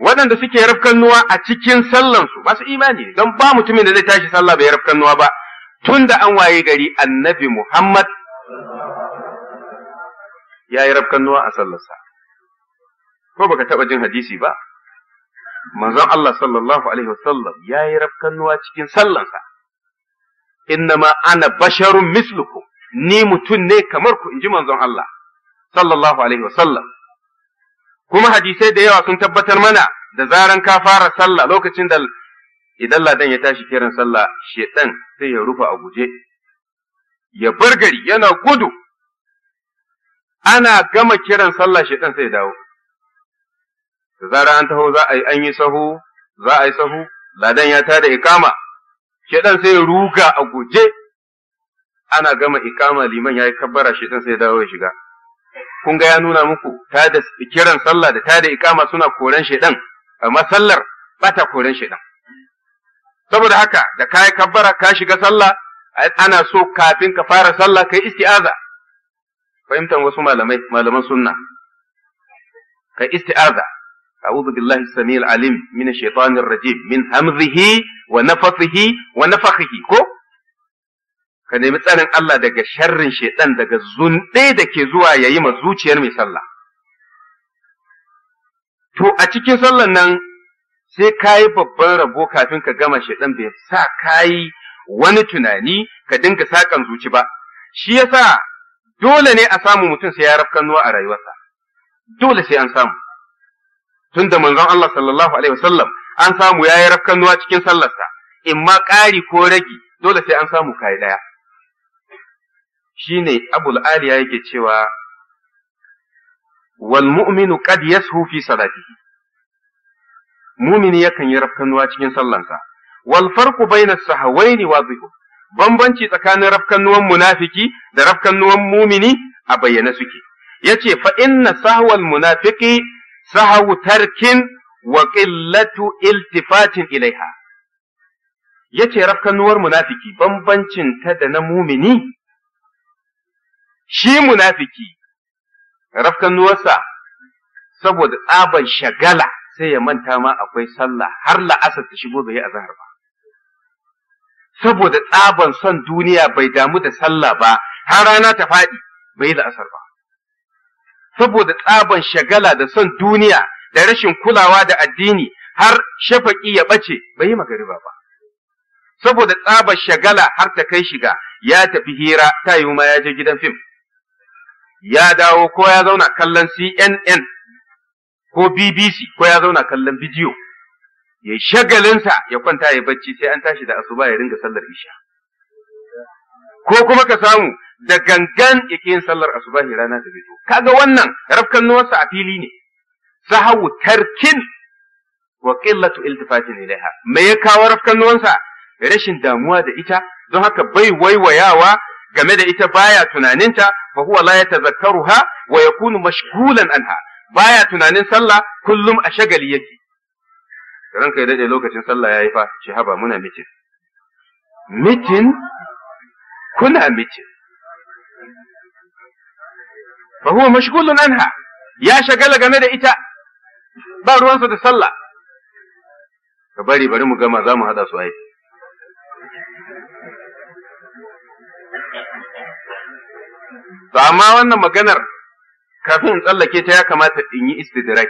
waɗanda suke rafkannuwa a cikin sallansu masu imani ne don ba mutumin da zai tashi sallah bai rafkannuwa ba tun da an waye gari annabi Muhammad ya yi rafkannuwa a sallarsa ko baka taɓa jin hadisi ba manzon Allah sallallahu alaihi wasallam ya yi rafkannuwa cikin sallansa innama ana basharun mislukum ni mutum ne kamar ku inji manzon Allah sallallahu alaihi wasallam kuma hadisai da yawa sun tabbatar mana da zaran ka fara sallah lokacin da idan ladan ya tashi kiran sallah shedan sai ya rufa a guje ya gari yana gudu ana gama kiran sallah shedan sai ya dawo da zaran an taho za a yi an yi sahu za a yi sahu ladan ya tada ikama shedan sai ya ruga a guje ana gama ikama liman ya yi kabbara shedan sai ya dawo ya shiga kun ga ya nuna muku ta da kiran sallah da ta da ikama suna koren shaidan amma sallar bata koren shaidan saboda haka da kayi kabbara ka shiga sallah ana so kafin ka fara sallah kai isti'aza fahimtar wasu malamai malaman sunna kai isti'aza أعوذ min السميع min من min الرجيم wa همزه ونفثه ونفخه ko. ka nemi tsarin Allah daga sharrin shaiɗan daga zunɗe da ke zuwa ya yi ma zuciyar mai sallah. To a cikin sallan nan sai ka yi babban rabo kafin ka gama shaiɗan bai sa ka yi wani tunani ka dinga saƙan zuci ba. Shi yasa dole ne a samu mutum sai ya rafkan nuwa a rayuwarsa. Dole sai an samu. Tun da manzon Allah sallallahu alaihi wasallam an samu ya yi rafkan nuwa cikin sallarsa. In ma ƙari ko ragi dole sai an samu kayi ɗaya. shine abul aliya yake cewa walmuminu mu'minu qad yashu fi salatihi mumini yakan yi rafkanuwa cikin sallansa wal farqu bayna sahawaini wadhihu bambanci tsakanin rafkanuwan munafiki da rafkanuwan mumini a bayyane suke yace fa inna sahwal munafiki sahwu tarkin wa qillatu iltifatin ilaiha yace rafkanuwar munafiki bambancin ta da na mumini shi munafiki nuwarsa saboda tsaban shagala sai ya manta ma akwai sallah har la'asar ta shigo bai yi azhar ba saboda tsaban son duniya bai damu da sallah ba har rana ta faɗi bai yi la'asar ba saboda tsaban shagala da son duniya da rashin kulawa da addini har shafaƙi ya ɓace bai yi magariba ba saboda tsaban shagala har ta kai shiga ya tafi hira ta yi ma ya je gidan fim ya dawo ko ya zauna kallon CNN ko BBC ko ya zauna kallon bidiyo ya shagalinsa ya kwanta ya bacci sai an tashi da asuba ya ringa sallar isha ko kuma ka samu da gangan yake yin sallar asuba rana ta fito kaga wannan rafkan nuwarsa a fili ne sahawu tarkin wa qillatu iltifatin ilaiha me ya kawo rafkan nuwansa rashin damuwa da ita don haka bai waiwayawa game da ita baya tunaninta fa huwa la yatazakkaruha wa yakunu mashghulan anha baya tunanin sallah kullum a shagali yake ranka ya dade lokacin sallah yayi fa ce haba muna mitin mitin kuna mitin fa huwa anha ya shagala game da ita ba ruwansa da sallah ka bari bari mu gama za mu haɗa su aiki to amma wannan maganar kafin in tsallake ta ya kamata in yi istidrak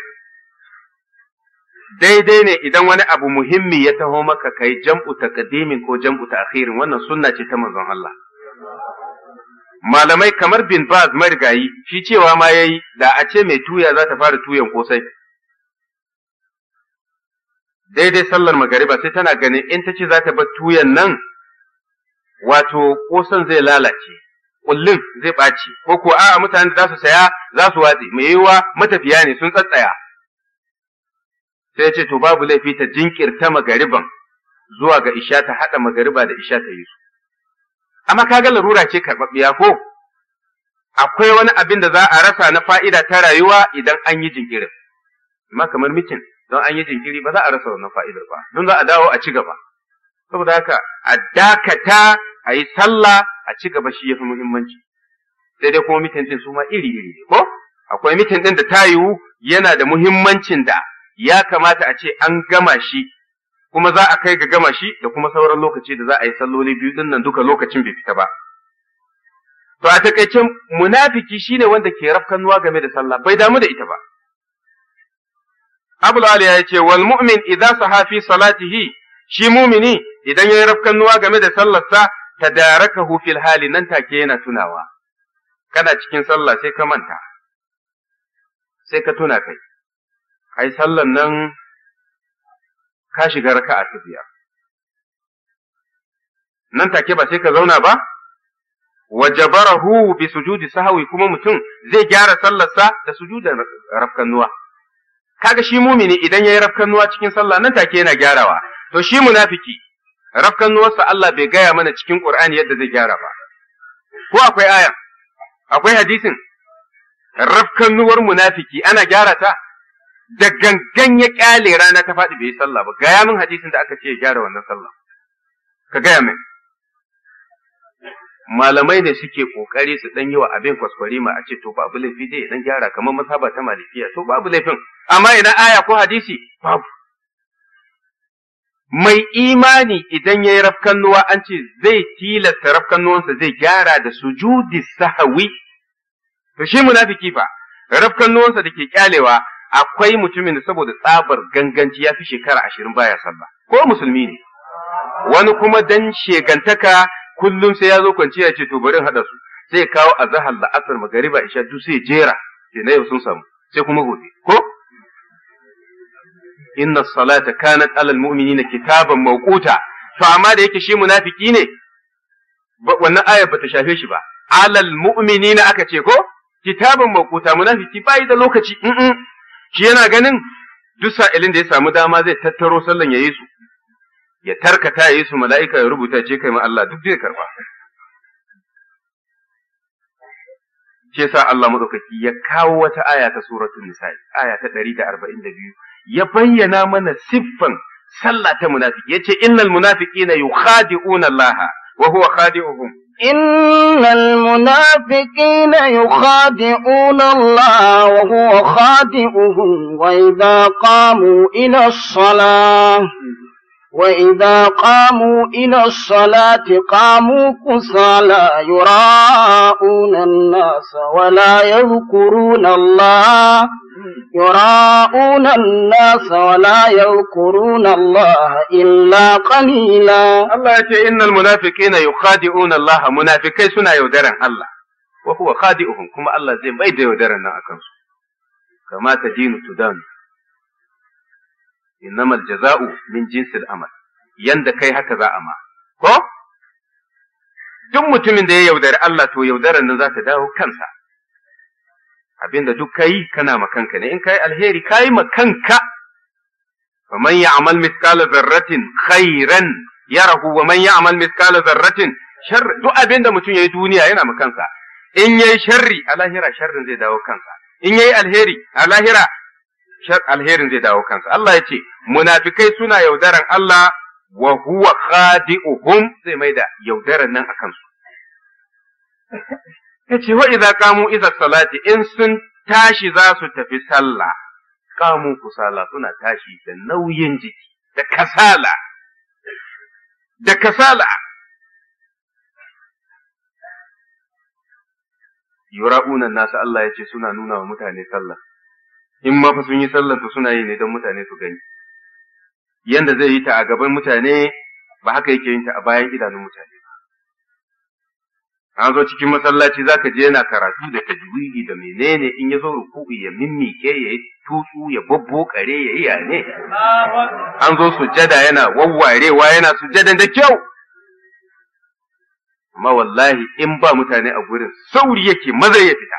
daidai ne idan wani abu muhimmi ya taho maka kai jam'u taqdimin ko jam'u ta'khirin wannan sunna ce ta manzon Allah malamai kamar bin Baz marigayi shi cewa ma yayi da a ce mai tuya za ta fara tuyan kosai daidai sallar magariba sai tana ganin in ta ce za ta bar tuyan nan wato kosan zai lalace kullun zai ɓaci ko ko a'a mutanen da za su saya za su watse mai yiwuwa matafiya ne sun tsatsaya sai ya ce to babu laifi ta jinkirta magariban zuwa ga isha ta haɗa magariba da isha ta yi su amma kaga larura ce karɓaɓɓiya ko akwai wani abin da za a rasa na fa'ida ta rayuwa idan an yi jinkirin amma kamar mitin don an yi jinkiri ba za a rasa na fa'idar ba don za a dawo a ci gaba saboda haka a dakata a yi sallah a ci gaba shi yafi muhimmanci sai dai kuma mitin ɗin su ma iri iri ne ko akwai mitin ɗin, da ta yiwu yana da muhimmancin da ya kamata a ce an gama shi kuma za a kai ga gama shi da kuma sauran lokaci da za a yi salloli biyu ɗin nan duka lokacin bai fita ba to a takaicen munafiki ne wanda ke rafkanuwa game da sallah bai damu da ita ba Abu Ali ya ce wal mu'min idza sahafi salatihi shi mumini idan yayi rafkanuwa game da sallarsa tadarakahu fil hali nan take yana tunawa kana cikin sallah sai ka manta sai ka tuna kai Kai sallan nan ka shiga raka'a ta biyar nan take ba sai ka zauna ba wajabarahu bi sujudi sahwi kuma mutum zai gyara sallarsa da sujudan rafkanuwa kaga shi mumini idan yayi rafkanuwa cikin sallah nan take yana gyarawa to shi munafiki nuwarsa Allah bai gaya mana cikin Qur'ani yadda zai gyara ba. Ko akwai aya, akwai hadisin, rafkannuwar munafiki ana gyara ta, da gangan ya kyale rana ta faɗi bai yi sallah ba, gaya min hadisin da aka ce ya gyara wannan sallah. Ka gaya min. Malamai ne suke ƙoƙari su ɗan yi wa abin kwaskwarima a ce to babu laifi dai dan gyara kamar masaba ta malikiya to babu laifin amma ina aya ko hadisi babu mai imani idan ya yi nuwa, an ce zai tilasta rafkannuwansa zai gyara da sujudi sahawi to shi munafiki fa rafkannuwansa da ke kyalewa akwai mutumin da saboda tsabar ganganci ya fi shekara ashirin baya sallah ko musulmi ne wani kuma dan shegantaka kullum sai ya zo kwanciya ce to bari hada haɗa su sai kawo azahar la'asar magariba isha duk sai jera sai na yau sun samu sai kuma gobe ko inna salata kanat alal mu'minina kitaban mawquta to amma da yake shi munafiki ne wannan ayar bata shafe shi ba alal mu'minina aka ce ko kitabun makuta munafiki bai da lokaci in shi yana ganin duk sa'ilin da ya samu dama zai tattaro sallan ya yi su ya tarkata ya yi su mala'ika ya rubuta ce kai ma Allah duk zai karba shi sa Allah madaukaki ya kawo wata aya ta suratul nisa aya ta 142 ya bayyana mana siffan sallah ta munafiki yace innal munafiqina yukhadi'una Allah wa huwa khadi'uhum إن المنافقين يخادعون الله وهو خادعهم وإذا قاموا إلى الصلاة وإذا قاموا إلى الصلاة قاموا كسالى يراءون الناس ولا يذكرون الله يراءون الناس ولا يذكرون الله إلا قليلا الله يقول إن المنافقين يخادعون الله منافقين سنا يودرن الله وهو خادئهم كما الله زي بيد يودرن أكنس كما تدين تدان إنما الجزاء من جنس الأمل yanda kai haka za a ma, ko? Duk mutumin da ya yaudari Allah to yaudarar nan za ta dawo kansa. abinda duk kai kana ma kanka. ne in kai alheri kai makanka faman ya'mal mithqala dharratin khairan yarahu wa man ya'mal mithqala dharratin shar duk abinda mutum yayi duniya yana ma makansa in yayi sharri a lahira sharrin zai dawo kansa in yayi alheri a lahira alherin zai dawo kansa Allah ya ce munafikai suna yaudaran Allah wa huwa khadi'uhum zai maida yaudaran nan akan su yace wa idza qamu idza salati in sun tashi za su tafi sallah qamu kusala suna tashi da nauyin jiki da kasala da kasala yura'una nasu Allah ya ce suna nuna wa mutane sallah in ma fa sun yi sallah to suna yi ne don mutane su gani yanda zai yi ta a gaban mutane ba haka yake yin ta a bayan idanun mutane an zo cikin masallaci zaka je yana karatu da tajwidi da menene in ya zo ruku'i ya mimmike ya yi tutsu ya kare ya yi ne an zo sujada yana wawwarewa yana sujadan da kyau amma wallahi in ba mutane a gurin sauri yake maza ya fita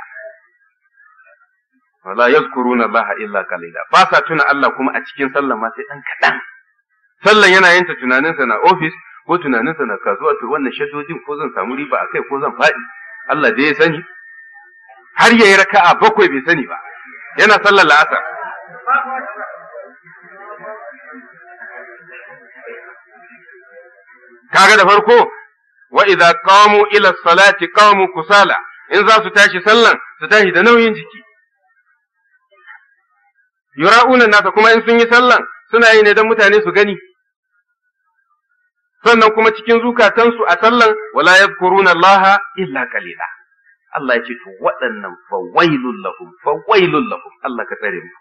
wala yazkuruna Allah illa qalila ba sa tuna Allah kuma a cikin sallama sai dan kadan sallan yana yin ta sa na office ko tunaninsa na kasuwa to wannan shadojin ko zan samu riba a kai ko zan faɗi Allah dai ya sani har yayi raka'a bakwai bai sani ba yana sallar la'asar kaga da farko wa idza qamu ila salati qamu kusala in za su tashi sallan su tashi da nauyin jiki yura'una nasa kuma in sun yi sallan suna yi ne don mutane su gani sannan kuma cikin zukatansu a sallan wala yadhkuruna Allah illa qalila Allah ya ce to waɗannan fawailul lahum fawailul lahum Allah ka tsare mu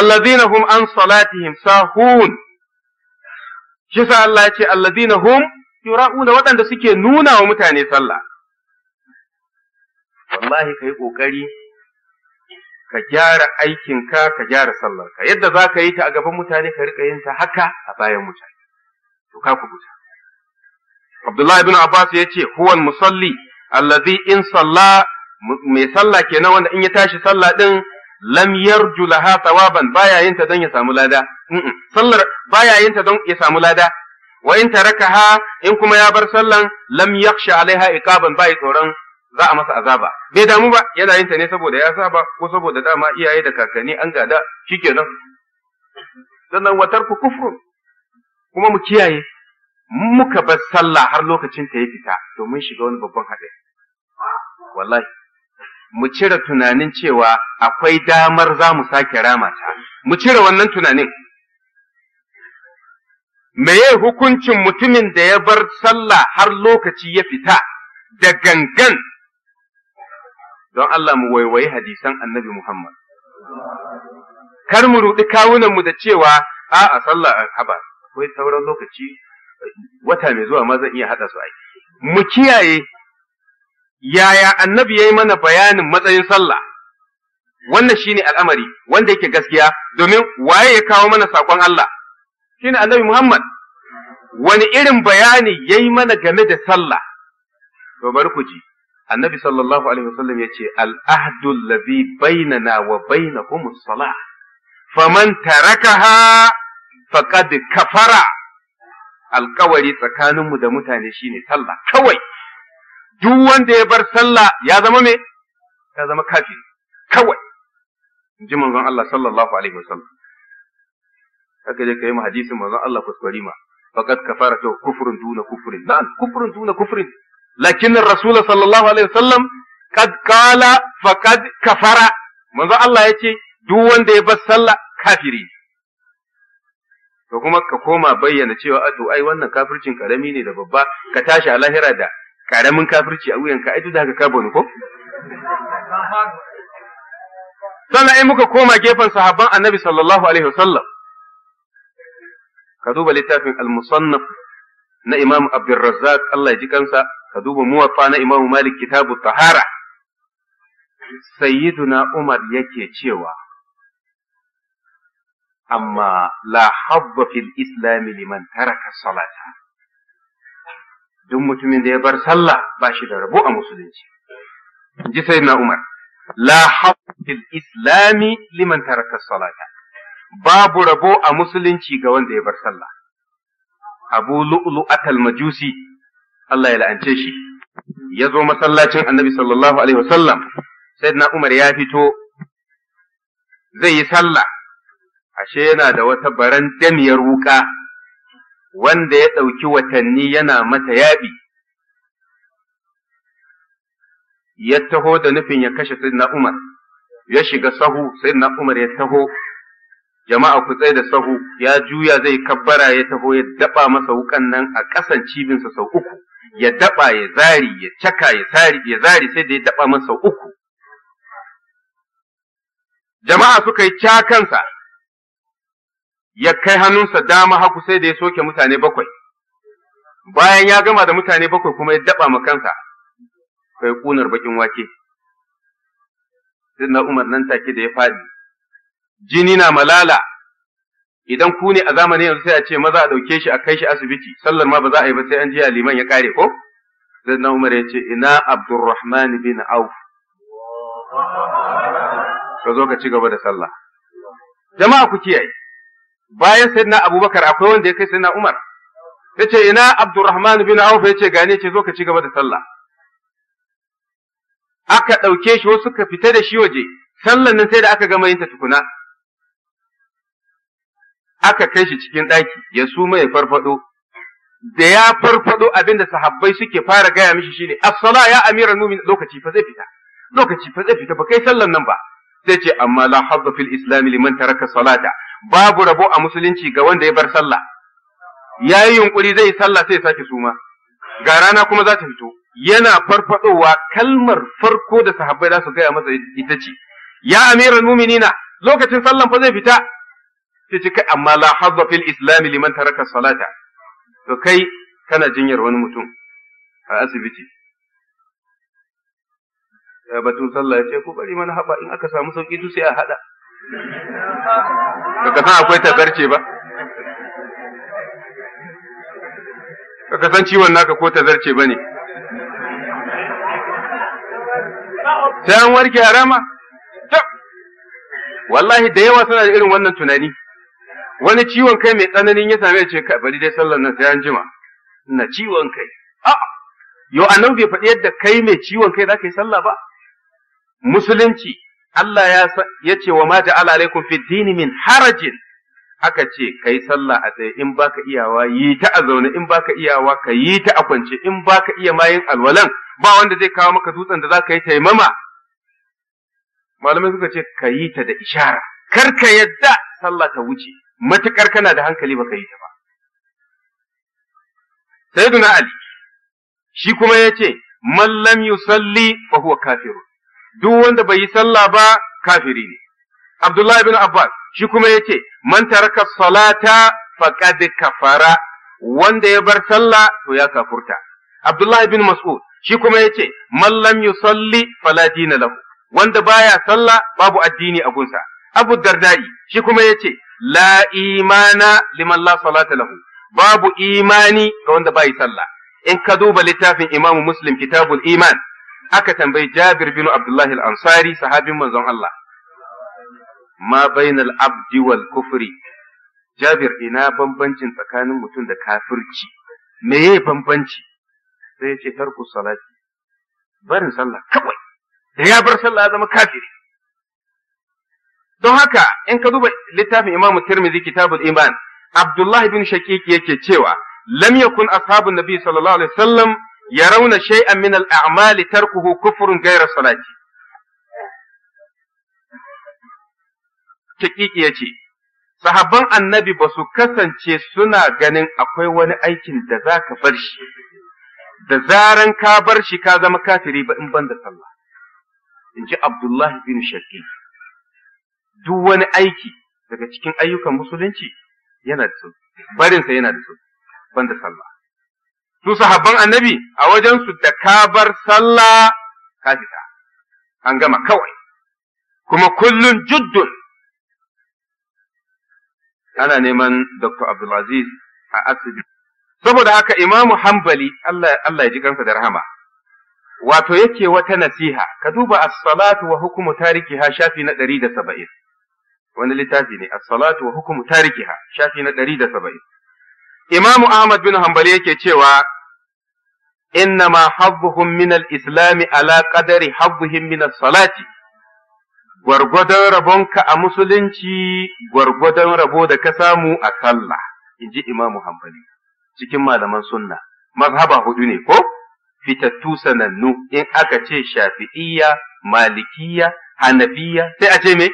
alladhina hum an salatihim sahun shi sa Allah ya ce alladhina hum yura'una waɗanda suke nuna wa mutane sallah wallahi kai kokari ka gyara aikinka ka gyara sallarka yadda za ka yi ta a gaban mutane ka riƙa yin ta haka a bayan mutane to ka kubuta Abdullahi ibn Abbas ya ce huwan musalli allazi in salla mai sallah kenan wanda in ya tashi sallah din lam yarju laha thawaban baya yin ta don ya samu lada sallar baya yin ta don ya samu lada wa in tarakaha in kuma ya bar sallan lam yakhsha alaiha iqaban bai tsoron za a masa azaba bai damu ba yana yin ta ne saboda ya saba ko saboda dama iyaye da kakanni an gada shikenan sannan watar ku kufru kuma mu kiyaye muka bar sallah har lokacin ta ya fita to shiga wani babban haɗari wallahi mu cire tunanin cewa akwai damar za mu sake rama ta mu cire wannan tunanin meye hukuncin mutumin da ya bar sallah har lokaci ya fita da gangan don Allah mu waiwayi hadisan annabi Muhammad kar mu ruɗi kawunanmu da cewa 'a sallah habar. akwai sauran lokaci wata mai zuwa ma zan iya haɗa su ai mu kiyaye yaya annabi ya yi mana bayanin matsayin sallah wannan shine al'amari wanda yake gaskiya domin waye ya kawo mana sakon Allah shine annabi Muhammad wani irin bayani ya yi mana game da sallah to bari ku ji annabi sallallahu alaihi wasallam ya ce al'ahdul ladhi bainana wa bainakumus as-salah faman tarakaha faqad kafara alƙawari tsakaninmu da mutane shine sallah kawai duk wanda ya bar sallah ya zama me ya zama kafiri kawai in ji manzon Allah sallallahu alaihi wasallam haka je kai mu hadisin manzon Allah kuskure ma faqad kafara to kufrun duna kufrin nan kufrun duna kufrin lakin rasul sallallahu alaihi wasallam kad qala faqad kafara manzon Allah yace duk wanda ya bar sallah kafiri ne ka kuma ka koma bayyana cewa a ai wannan kafircin karami ne da babba ka tashi a lahira da karamin kafirci a wuyanka ai duk da haka ka bani ko sannan muka koma gefen sahabban annabi sallallahu alaihi wasallam ka duba littafin al-musannaf na imam abdurrazzaq Allah ya ji kansa ka duba muwaffa na imam malik kitabu tahara sayyiduna umar yake cewa amma la habba fil islami liman taraka salata duk mutumin da ya bar sallah ba shi da rabo a musulunci ji sai na umar la fil islami liman taraka salata babu rabo a musulunci ga wanda ya bar sallah abu lu'lu atal majusi Allah ya la'ance shi ya zo masallacin annabi sallallahu alaihi wasallam sayyidina umar ya fito zai yi sallah ashe yana da wata barandamiyar wuka wanda ya ɗauki watanni yana mata yaɓi ya taho da nufin ya kashe Sayyidina Umar ya shiga sahu Sayyidina Umar ya taho jama'a ku tsaye da sahu ya juya zai kabbara ya taho ya daba masa wukan nan a ƙasan cibinsa sau uku ya daba ya zari ya caka ya zari ya zari sai da ya daba masa uku jama'a suka yi cakansa ya kai hannunsa dama haku sai da ya soke mutane bakwai bayan ya gama da mutane bakwai kuma ya daba ma kansa kai kunar bakin wake na Umar nan take da ya faɗi jini na malala idan ku ne a zamanin yanzu sai a ce maza a ɗauke shi a kai shi asibiti sallar ma ba za a yi ba sai an jiya liman ya kare ko na Umar ya ce ina Abdurrahman bin Auf ka zo ka ci gaba da sallah jama'a ku kiyaye bayan sayyidina abubakar akwai wanda ya kai sayyidina umar ce ina abdurrahman bin auf ya gane ce zo ka ci gaba da sallah aka ɗauke shi wasu ka fita da shi waje sallan nan sai da aka gama yin ta tukuna aka kai shi cikin ɗaki ya suma ya farfado da ya farfado abinda da sahabbai suke fara gaya mishi shine as-sala ya amiral mu'min lokaci fa zai fita lokaci fa zai fita ba kai sallan nan ba sai ce amma la hadd fil islam liman taraka salata babu rabo a musulunci ga wanda ya bar sallah yayi yunkuri zai sallah sai ya sake suma ga rana kuma za ta fito yana farfadowa kalmar farko da sahabbai za su gaya masa ita ce ya amiral muminina lokacin sallan fa zai fita ta ce kai amma la hazza fil islam liman taraka salata to kai kana jinyar wani mutum a asibiti batun sallah ya ce ku bari mana haba in aka samu sauki to sai a hada baka san akwai tazarce ba baka san ciwon naka ko tazarce ba ne sai an warke harama wallahi da yawa suna da irin wannan tunani wani ciwon kai mai tsananin ya same ce Ka bari dai sallar nan sai an jima na ciwon kai a'a yo annabi bai faɗi yadda kai mai ciwon kai zaka yi sallah ba musulunci Allah ya ce wa mata ja'ala alaikum fi dini min harajin aka ce kai sallah a tsaye in baka iyawa yi ta a zaune in baka iyawa ka yi ta a kwance in baka iya mayin alwalan ba wanda zai kawo maka dutsen da za ka yi taimama malamai suka ce ka yi ta da ishara kar ka yadda sallah ta wuce matukar kana da hankali baka yi ta ba sayyiduna ali shi kuma yace man lam yusalli fa huwa kafirun duk wanda bai yi sallah ba kafiri ne Abdullahi bin Abbas shi kuma yace man taraka salata faqad kafara wanda ya bar sallah to ya kafurta Abdullahi bin Mas'ud shi kuma yace man lam yusalli fala dina lahu wanda baya sallah babu addini a gunsa Abu Dardai shi kuma yace la imana liman la salata lahu babu imani ga wanda bai sallah in ka duba littafin Imam Muslim Kitabul Iman aka tambayi Jabir bin Abdullahi al-Ansari sahabin manzon Allah ma bainal abdi wal kufri Jabir ina bambancin tsakanin mutum da kafirci meye bambanci sai ya ce tarku salati barin sallah kawai da ya bar sallah zama kafiri don haka in ka duba littafin Imam Tirmidhi Kitabul Iman Abdullahi bin Shaqiq yake cewa lam yakun ashabun Nabi sallallahu alaihi wasallam Ya rauna shai شيئا من amali تركه كفر غير salati. Kikiki ya ce, sahaban annabi ba su kasance suna ganin akwai wani aikin da za ka bar shi, da zaran ka bar shi ka zama kafiri ba in ban da sallah. In Abdullahi bin Shafi Duk wani aiki daga cikin ayyukan musulunci yana da sauki, barinsa yana da sallah. su sahabban annabi a wajensu da ka bar sallah ka fita an gama kawai kuma kullum juddun ana neman Dr. Abdulaziz a asibiti saboda haka imamu hambali Allah ya ji kansa da rahama wato yake wata nasiha ka duba as-salatu wa hukumu ha shafi na ɗari da saba'in, wani littafi ne as-salatu wa hukumu ha shafi na ɗari da saba'in. Imamu Ahmad bin Hanbali yake cewa inna habbuhum min al-islami ala ƙadari habbuhum min salati gwargwadon rabonka a musulunci gwargwadon rabo da ka samu a sallah inji Imamu Hanbali cikin malaman sunna mazhaba hudu ne ko fitattu sanannu in aka ce shafi'iyya malikiyya hanafiyya sai a ce me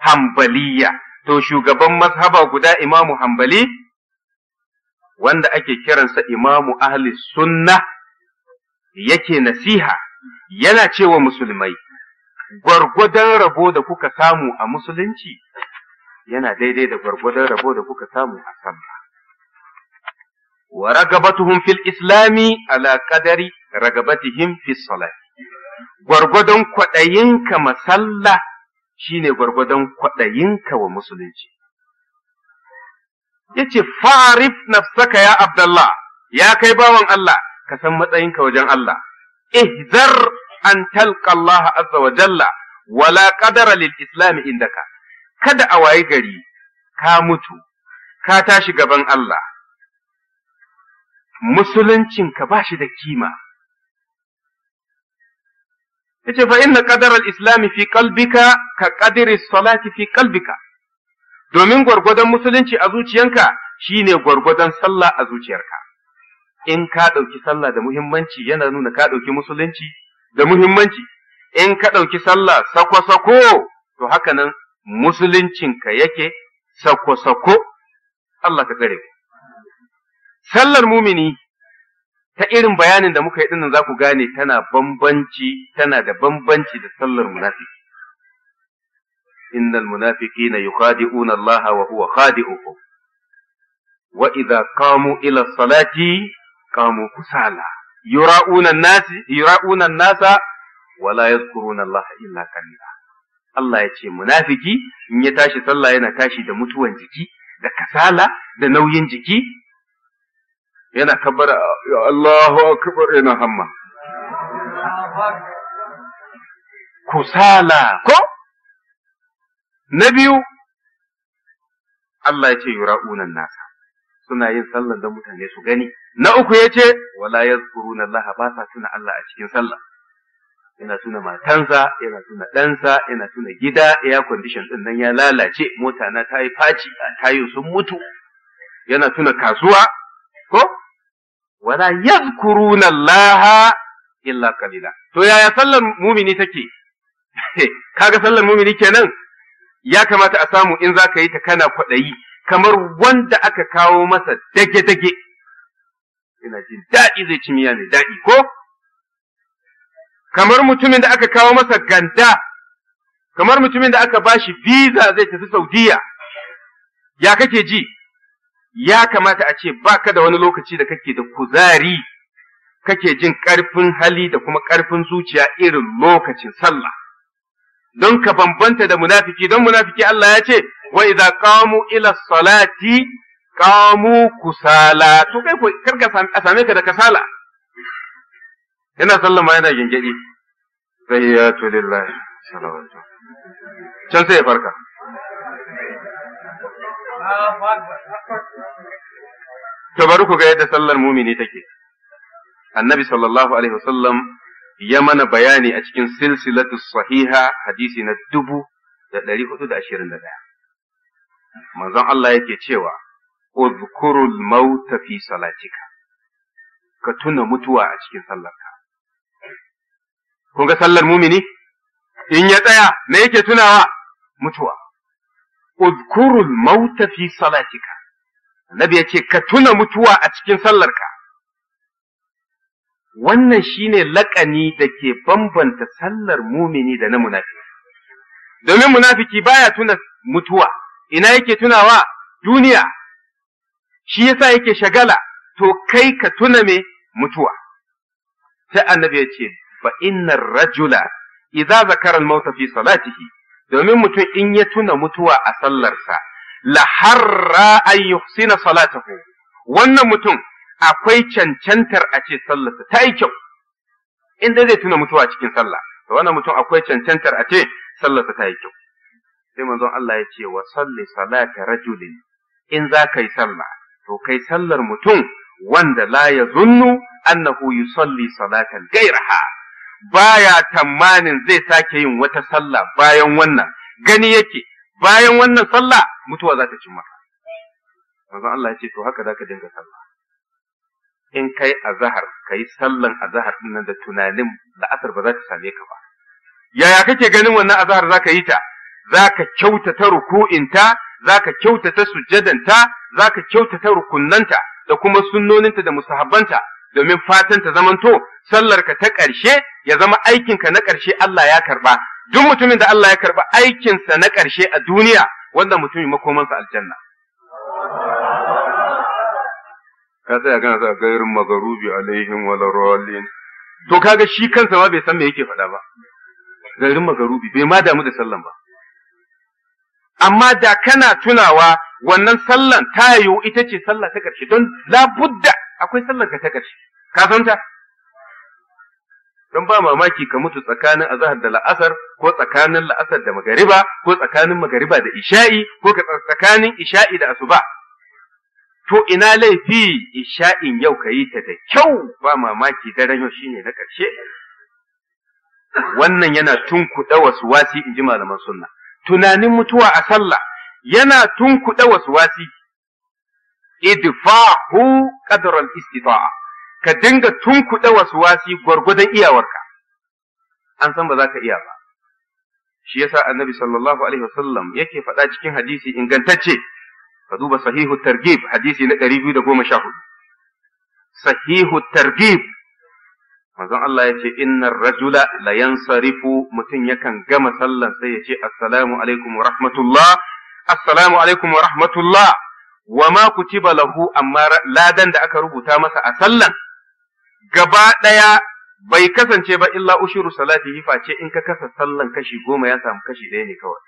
hambaliya to shugaban mazhaba guda imamu hambali wanda ake kiransa imamu ahli sunna yake nasiha yana cewa musulmai gwargwadon rabo da kuka samu a musulunci yana daidai da gwargwadon rabo da kuka samu a sallah wa ragabatuhum fil islami ala qadari ragabatihim fi salat gwargwadon kwaɗayinka masalla shine gwargwadon kwaɗayinka wa musulunci yace farif nafsaka ya abdallah ya kai bawan Allah ka san matsayinka wajen Allah ihzar an talqa Allah azza wa jalla wala qadara lil islam indaka kada a wayi gari ka mutu ka tashi gaban Allah musuluncin ba shi da kima yace fa inna qadara al islam fi qalbika ka ƙadiri salati fi qalbika domin gwargwadon musulunci a zuciyanka shine gwargwadon sallah a zuciyarka in ka ɗauki sallah da muhimmanci yana nuna ka ɗauki musulunci da muhimmanci in ka ɗauki sallah sako-sako to haka nan musuluncinka yake sako-sako Allah ka tsare sallar mumini ta irin bayanin da muka yi dinnan za ku gane tana bambanci tana da bambanci da sallar munafiki innal munafiqina yukhadi'una Allah wa huwa khadi'uhum wa idza qamu ila salati qamu kusala yura'una an-nasi yura'una an-nasa wa la Allah Allah ya ce munafiki in ya tashi sallah yana tashi da mutuwan jiki da kasala da nauyin jiki yana kabbara Allahu akbar yana hamma kusala ko na biyu Allah ya ce yura'unan nasa suna yin sallar da mutane su gani na uku ya ce wala yazkuruna Allah ba sa tuna Allah a cikin sallah yana tuna matansa yana tuna ɗansa yana tuna gida air condition ɗin nan ya lalace mota na ta yi faci a tayo sun mutu yana tuna kasuwa ko wala yazkuruna Allah illa to yaya sallar mumini take kaga sallar mumini kenan ya kamata a samu in za ka yi ta kana kwaɗayi kamar wanda aka kawo masa dage-dage ina jin daɗi zai ci miya mai daɗi ko kamar mutumin da aka kawo masa ganda kamar mutumin da aka ba shi biza zai tafi saudiya ya kake ji ya kamata a ce ba ka da wani lokaci da kake da kuzari kake jin ƙarfin hali da kuma ƙarfin zuciya irin lokacin sallah don ka bambanta da munafiki don munafiki Allah ya ce wa idza qamu ila salati qamu kusala to kai ko karka a same ka da kasala yana sallama yana gingedi tayyatu lillahi salawatu can sai farka to bari ku ga yadda sallar mumini take annabi sallallahu alaihi wasallam ya mana bayani a cikin silsilatu sahiha hadisi na dubu da ɗari hudu da ashirin da ɗaya. Manzon Allah yake cewa, Uzkurul mauta fi salatika, ka tuna mutuwa a cikin sallarka. Kun ga sallar mumini? In ya tsaya, me yake tunawa? Mutuwa. Uzkurul mauta fi salatika. Annabi ya ce, ka tuna mutuwa a cikin sallarka. wannan shine laƙani da ke bambanta sallar mumini da na munafiki domin munafiki baya tuna mutuwa ina yake tunawa duniya shi yasa yake shagala to kai ka tuna me mutuwa sai annabi ya ce fa innar rajula iza zakaran al-mauta fi salatihi domin mutum in ya tuna mutuwa a sallarsa la harra an yuhsina salatahu wannan mutum akwai cancantar a ce sallarsa ta yi kyau in dai zai tuna mutuwa cikin sallah to wannan mutum akwai cancantar a ce sallarsa ta yi kyau sai manzon Allah ya ce wa salli salata rajulin in za ka yi sallah to kai sallar mutum wanda la ya zunnu annahu yusalli salatan gairaha baya tamanin zai sake yin wata sallah bayan wannan gani yake bayan wannan sallah mutuwa za ta cin manzon Allah ya ce to haka za ka dinga sallah in kai azahar ka yi sallan azahar din nan da tunanin la'asar ba za ta same ka ba yaya kake ganin wannan azahar za ka yi ta za ka kyautata ruku'inta za ka kyautata sujjadanta za ka kyautata rukunnanta da kuma sunnoninta da musahabbanta domin fatan ta zamanto sallarka ta ƙarshe ya zama aikinka na ƙarshe Allah ya karba duk mutumin da Allah ya karba aikinsa na ƙarshe a duniya wanda mutumin makomansa aljanna ka tsaya kana sa gairin magarubi alaihim wala rawalin to kaga shi kansa ma bai san me yake faɗa ba gairin magarubi bai ma damu da sallan ba amma da kana tunawa wannan sallan ta yiwu ita ce sallah ta ƙarshe don labudda akwai sallar ka ta ƙarshe ka san ta don ba mamaki ka mutu tsakanin azahar da la'asar ko tsakanin la'asar da magariba ko tsakanin magariba da isha'i ko ka tsakanin isha'i da asuba to ina laifi isha'in yau ka yi ta da kyau ba mamaki daren yau shine na ƙarshe wannan yana tunkuɗa wasu wasi in ji malaman sunna tunanin mutuwa a sallah yana tunkuɗa wasu wasi idfahu qadral istita'a ka dinga tunkuɗa wasu wasi gwargwadon iyawarka an san ba za ka iya ba shi yasa annabi sallallahu alaihi wasallam yake faɗa cikin hadisi ingantacce ka duba sahihu targhib hadisi na ɗari 214 sahihu targhib manzon Allah ya ce innar rajula la yansarifu mutum yakan gama sallan sai ya ce assalamu alaikum wa rahmatullah assalamu alaikum wa rahmatullah wa ma kutiba lahu amma ladan da aka rubuta masa a sallan gaba ɗaya bai kasance ba illa ushuru salatihi face in ka kasa sallan kashi goma ya samu kashi ɗaya ne kawai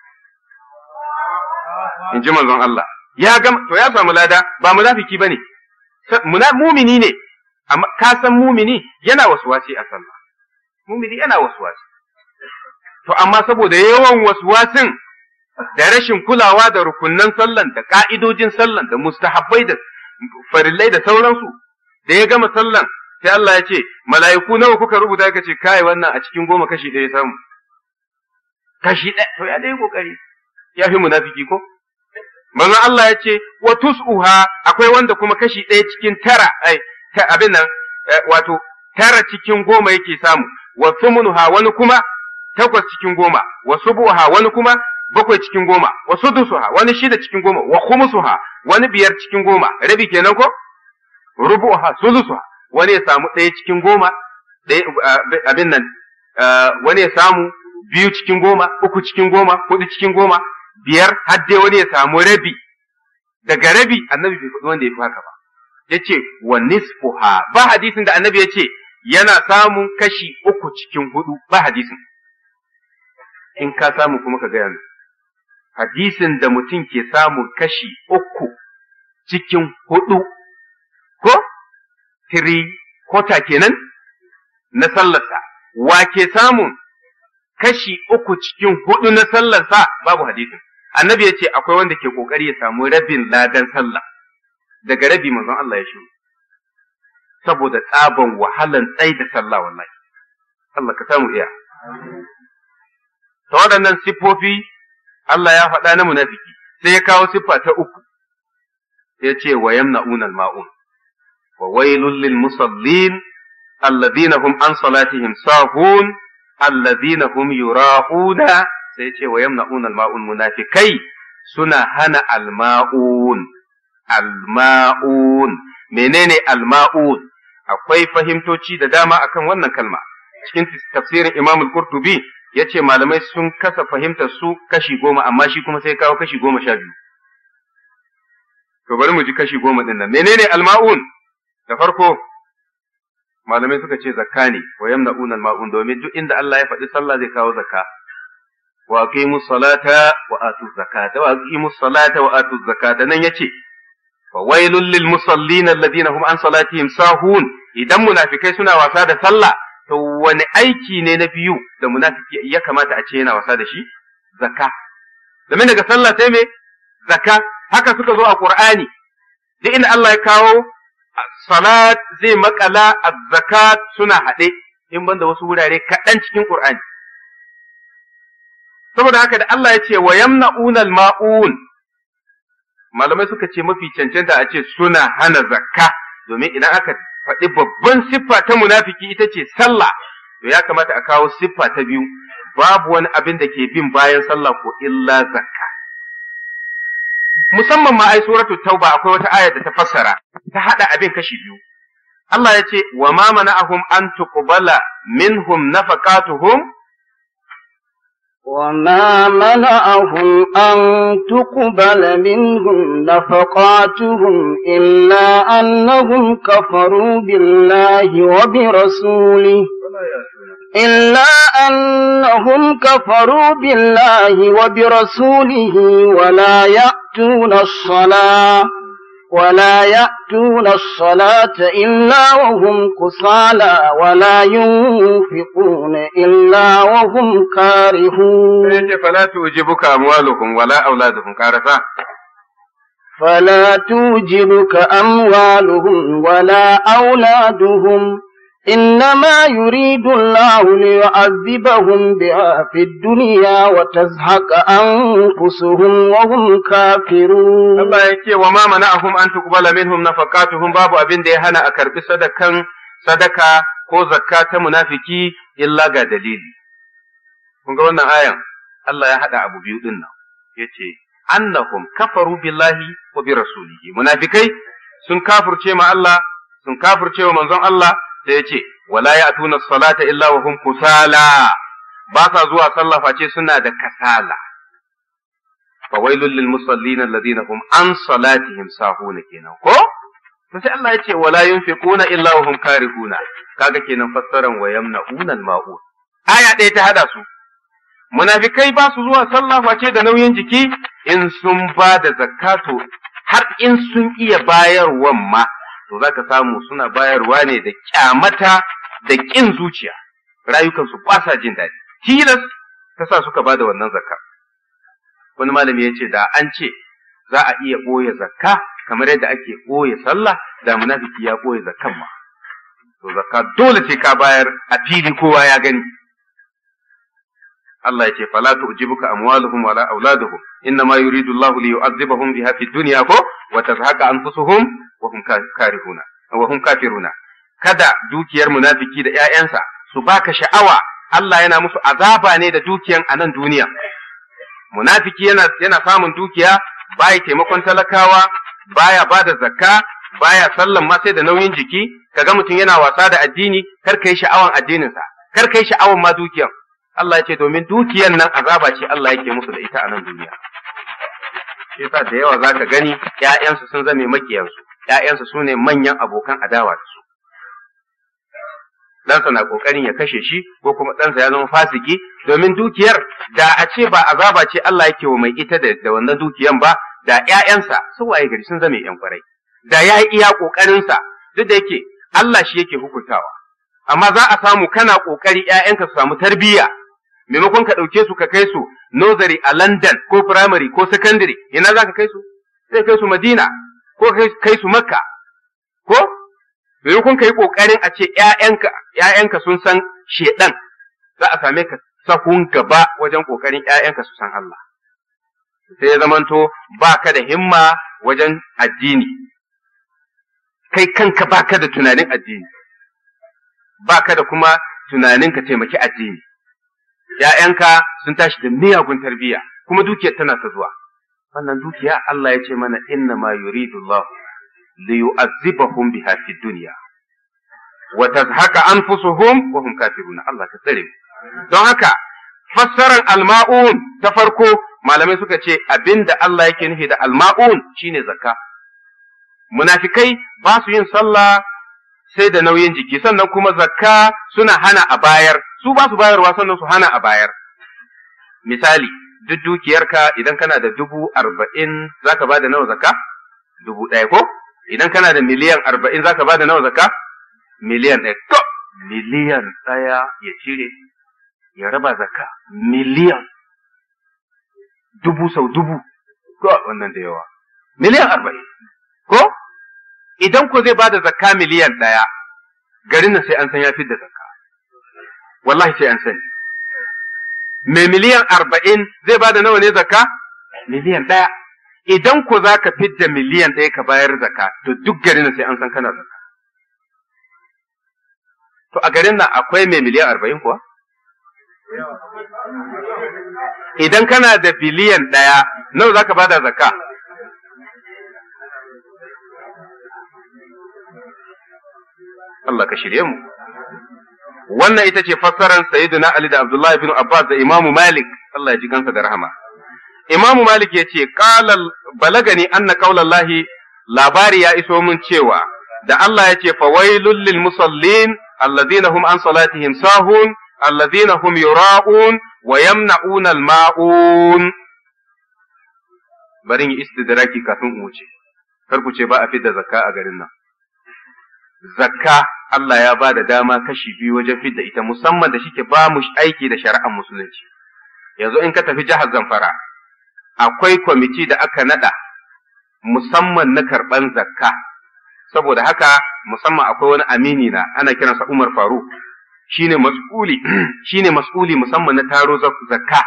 Inji ji manzon Allah ya gama to ya samu lada ba munafiki bane mumini ne amma ka san mumini yana waswasi a sallah mumini yana waswasi to amma saboda yawan waswasin da rashin kulawa da rukunnan sallan da ka'idojin sallan da mustahabbai da farillai da sauransu da ya gama sallan sai Allah ya ce mala'iku nawa kuka rubuta ka ce kai wannan a cikin goma kashi ɗaya samu kashi ɗaya to ya dai kokari ya fi munafiki ko manzon Allah ya ce wa tus'uha akwai wanda kuma kashi ɗaya cikin tara ai ta abin nan eh, wato tara cikin goma yake samu wa thumunuha wani kuma takwas cikin goma wa subuha wani kuma bakwai cikin goma wa sudusuha wani shida cikin goma wa khumusuha wani biyar cikin goma rabi kenan ko rubuha sudusuha wani ya samu ɗaya cikin goma eh, abin nan eh, wani ya samu biyu cikin goma uku cikin goma hudu cikin goma biyar har dai wani ya samu rabi daga rabi annabi bai faɗi wanda ya fi haka ba ya ce wa ha? ba hadisin da annabi ya ce yana samun kashi uku cikin hudu ba hadisin in ka samu kuma ka gaya hadisin da mutum ke samun kashi uku cikin hudu ko tiri kota kenan na sallarsa wa ke samun kashi uku cikin hudu na sallarsa babu hadisin annabi ya ce akwai wanda ke kokari ya samu rabin ladan sallah daga rabi manzon Allah ya shiru saboda tsaban wahalan tsai da sallah wallahi Allah ka samu iya ta waɗannan siffofi Allah ya faɗa na munafiki sai ya kawo siffa ta uku ya ce wa yamna'unal ma'un wa wailul lil musallin alladhina hum an salatihim sahun allazina hum yura'una sai ce wa yamna'una al-ma'un munafikai suna hana al-ma'un al-ma'un menene al-ma'un akwai fahimtoci da dama akan wannan kalma cikin tafsirin Imam al ya ce malamai sun kasa fahimtar su kashi goma amma shi kuma sai kawo kashi goma sha biyu to bari mu ji kashi goma din menene al-ma'un da farko malamai suka ce zakka ne wa yamna'una ma'un domin duk inda Allah ya faɗi sallah zai kawo zakka wa aqimu salata wa atu zakata wa aqimu salata wa atu zakata nan yace fa wailul lil musallin alladhina hum an salatihim sahun idan munafikai suna wasa da sallah to wani aiki ne na biyu da munafiki ya kamata a ce yana wasa da shi zakka domin daga sallah sai me zakka haka suka zo a qur'ani duk inda Allah ya kawo salat zai makala az-zakat suna haɗe in banda wasu wurare kaɗan cikin ƙur'ani. Saboda haka da Allah ya ce wa yamna'una al-ma'un malamai suka ce mafi cancanta a ce suna hana zakka domin idan aka faɗi babban siffa ta munafiki ita ce sallah to ya kamata a kawo siffa ta biyu babu wani abin da ke bin bayan sallah ko illa zakka musamman ma ai suratul tauba akwai wata aya da ta fassara ta hada abin kashi biyu Allah ya ce wa ma mana'ahum an tuqbala minhum nafaqatuhum وما منعهم أن تقبل منهم نفقاتهم إلا أنهم كفروا بالله وبرسوله إلا أنهم كفروا بالله وبرسوله ولا يأتون الصلاة ولا يأتون الصلاة إلا وهم كسالى ولا ينفقون إلا وهم كارهون إيه، إيه، فلا توجبك أموالهم ولا أولادهم كارثة فلا توجبك أموالهم ولا أولادهم إنما يريد الله ليعذبهم بها في الدنيا وتزهق أنفسهم وهم كافرون الله يكي وما منعهم أن تقبل منهم نفقاتهم باب أبن ديهانا أكرب صدقا صدقا ko zakka ta munafiki illa ga dalili. Kun ga wannan ayan Allah ya haɗa abu biyu ɗin Yace ya ce, Annahum kafaru billahi wa bi rasulihi munafikai sun kafirce ma Allah, sun wa manzon Allah, sai ce wala ya'tuna salata illa wa hum kusala ba sa zuwa sallah face suna da kasala fawailul lil musallin alladhina hum an salatihim sahuna kenan ko sai Allah ya ce wala yunfiquna illa wa hum karihuna kaga kenan fassaran wa yamna'una al-ma'un aya ɗaya ta hada su munafikai ba su zuwa sallah face da nauyin jiki in sun ba da zakato har in sun iya bayarwan ma to za ka samu suna bayarwa ne da kyamata da ƙin zuciya rayukansu ba sa jin daɗi tilas ta sa suka bada wannan zakka wani malami ya ce da an ce za a iya ɓoye zakka kamar yadda ake ɓoye sallah da munafiki ya ɓoye zakkan ma to zakka dole ce ka bayar a fili kowa ya gani Allah ya ce fala tu'jibuka amwaluhum wala auladuhum inna ma yuridu Allahu li yu'adhibahum biha fid dunya ko wa tazhaqa anfusuhum kafiruna kada dukiyar munafiki da ƴaƴansa su baka sha'awa Allah yana musu azaba ne da dukiyan a nan duniya munafiki yana yana samun dukiya baya taimakon talakawa baya bada zakka baya sallan ma sai da nauyin jiki kaga mutum yana wasa da addini kar kai sha'awan addininsa kar kai sha'awan ma dukiyan Allah ya ce domin dukiyan nan azaba ce Allah yake musu da ita a nan duniya yasa da yawa zaka gani ƴaƴansu sun zame makiyansu ‘ya'yansa su ne manyan abokan adawa da su. Ɗansa na ƙoƙarin ya kashe shi ko kuma ɗansa ya zama fasiki domin dukiyar da a ce ba azaba ce Allah yake wa mai ita da wannan dukiyan ba da ‘ya'yansa su waye gari sun zame ‘yan kwarai. Da ya yi iya ƙoƙarinsa duk da yake Allah shi yake hukuntawa. Amma za a samu kana ƙoƙari ‘ya'yanka su samu tarbiyya maimakon ka ɗauke su ka kai su nursery a London ko primary ko secondary ina za ka kai su? Zai kai su Madina ko kai su makka ko maimakon ka yi ƙoƙarin a ce ‘ya'yanka sun san shedan za a same ka sahun gaba wajen ƙoƙarin ‘ya'yanka su san Allah sai ya zamanto ba ka da himma wajen addini kai kanka ba ka da tunanin addini ba ka da kuma tunanin ka taimaki addini ‘ya'yanka sun tashi da miyagun tarbiyya kuma dukiyar tana ta zuwa. wannan dukiya Allah ya ce mana inna ma yuridu Allah li yu'azzibahum biha fid dunya wa tazhaka anfusuhum wa hum kafiruna Allah ka tsare don haka fassarar alma'un ta farko malamai suka ce abinda Allah yake nufi da alma'un shine zakka munafikai ba su yin sallah sai da nauyin jiki sannan kuma zakka suna hana a bayar su ba su bayarwa sannan su hana a bayar misali duk dukiyarka idan kana da dubu arba'in za ka ba da nawa zakka? Dubu ɗaya ko? Idan kana da miliyan arba'in za ka ba da nawa zakka? Miliyan ɗaya. To, miliyan ɗaya ya cire, ya raba zakka miliyan dubu sau dubu. To, wannan da yawa. Miliyan arba'in. Ko? Idan ko zai ba da zakka miliyan ɗaya, garin nan sai an san ya fi da zakka. Wallahi sai an sani. mai miliyan arba'in zai ba da nawa ne zaka? Miliyan ɗaya. Idan ku za ka fidda miliyan ɗaya ka bayar zaka, to duk gari na sai an san kana zaka. To a garin nan akwai mai miliyan arba'in kuwa? Idan kana da biliyan ɗaya, nawa za ka bada zaka? Allah ka shirye mu. wannan ita ce fassarar sayyidina Ali da Abdullahi bin Abbas da Imam Malik Allah ya ji kansa da rahama Imam Malik ya ce qala balagani anna qaulallahi labari ya iso min cewa da Allah ya ce fawailul lil musallin alladhina hum an salatihim sahun alladhina hum yura'un wa yamna'una al ma'un barin yi istidraki kafin in wuce kar ku ce ba a fidda zakka a garin nan zakka Allah ya ba da dama kashi biyu wajen fidda ita musamman da shike ba mu aiki da shari'ar musulunci yanzu in ka tafi jihar Zamfara akwai kwamiti da aka nada musamman na karban zakka saboda haka musamman akwai wani amini na ana kiransa Umar Faruk shine mas'uli shine mas'uli musamman na taro zakka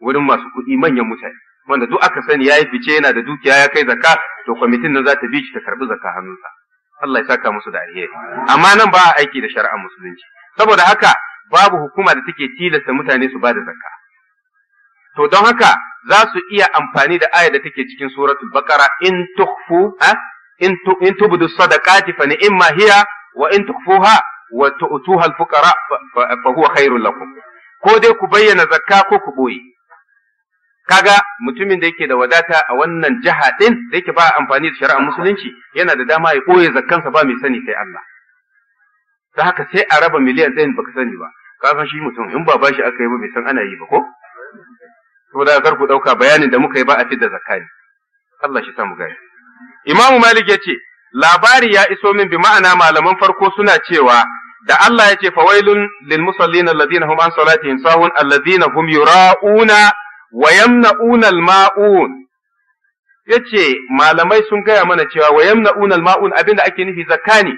wurin masu kuɗi manyan mutane wanda duk aka sani yayi fice yana da dukiya ya kai zakka to kwamitin nan za ta bi shi ta karbi zakka hannunsa Allah ya saka musu da alheri amma nan ba a aiki da shari'ar musulunci saboda haka babu hukuma da take tilasta mutane su bada zakka to don haka za su iya amfani da aya da take cikin suratul baqara in tukhfu in in tubdu sadaqati fa ni'ma hiya wa in tukhfuha wa tu'tuha al-fuqara fa huwa khairul lakum ko dai ku bayyana zakka ko ku boye kaga mutumin da yake da wadata a wannan jiha din da yake ba amfani da shari'ar musulunci yana da dama ya koye zakkansa ba mai sani sai Allah ta haka sai a raba miliyan ɗayan baka sani ba Ka san shi mutum in ba bashi aka yi ba bai san ana yi ba ko saboda kar ku dauka bayanin da muka yi ba a da zakani Allah shi mu gani Imam Malik yace labari ya iso min bi ma'ana malaman farko suna cewa da Allah yace fawailun lil musallin alladhina hum an salatihim sahun alladhina hum yura'una Wayam yamna'una al-ma'un yace malamai sun gaya mana cewa wayam yamna'una al-ma'un abinda ake nufi zakani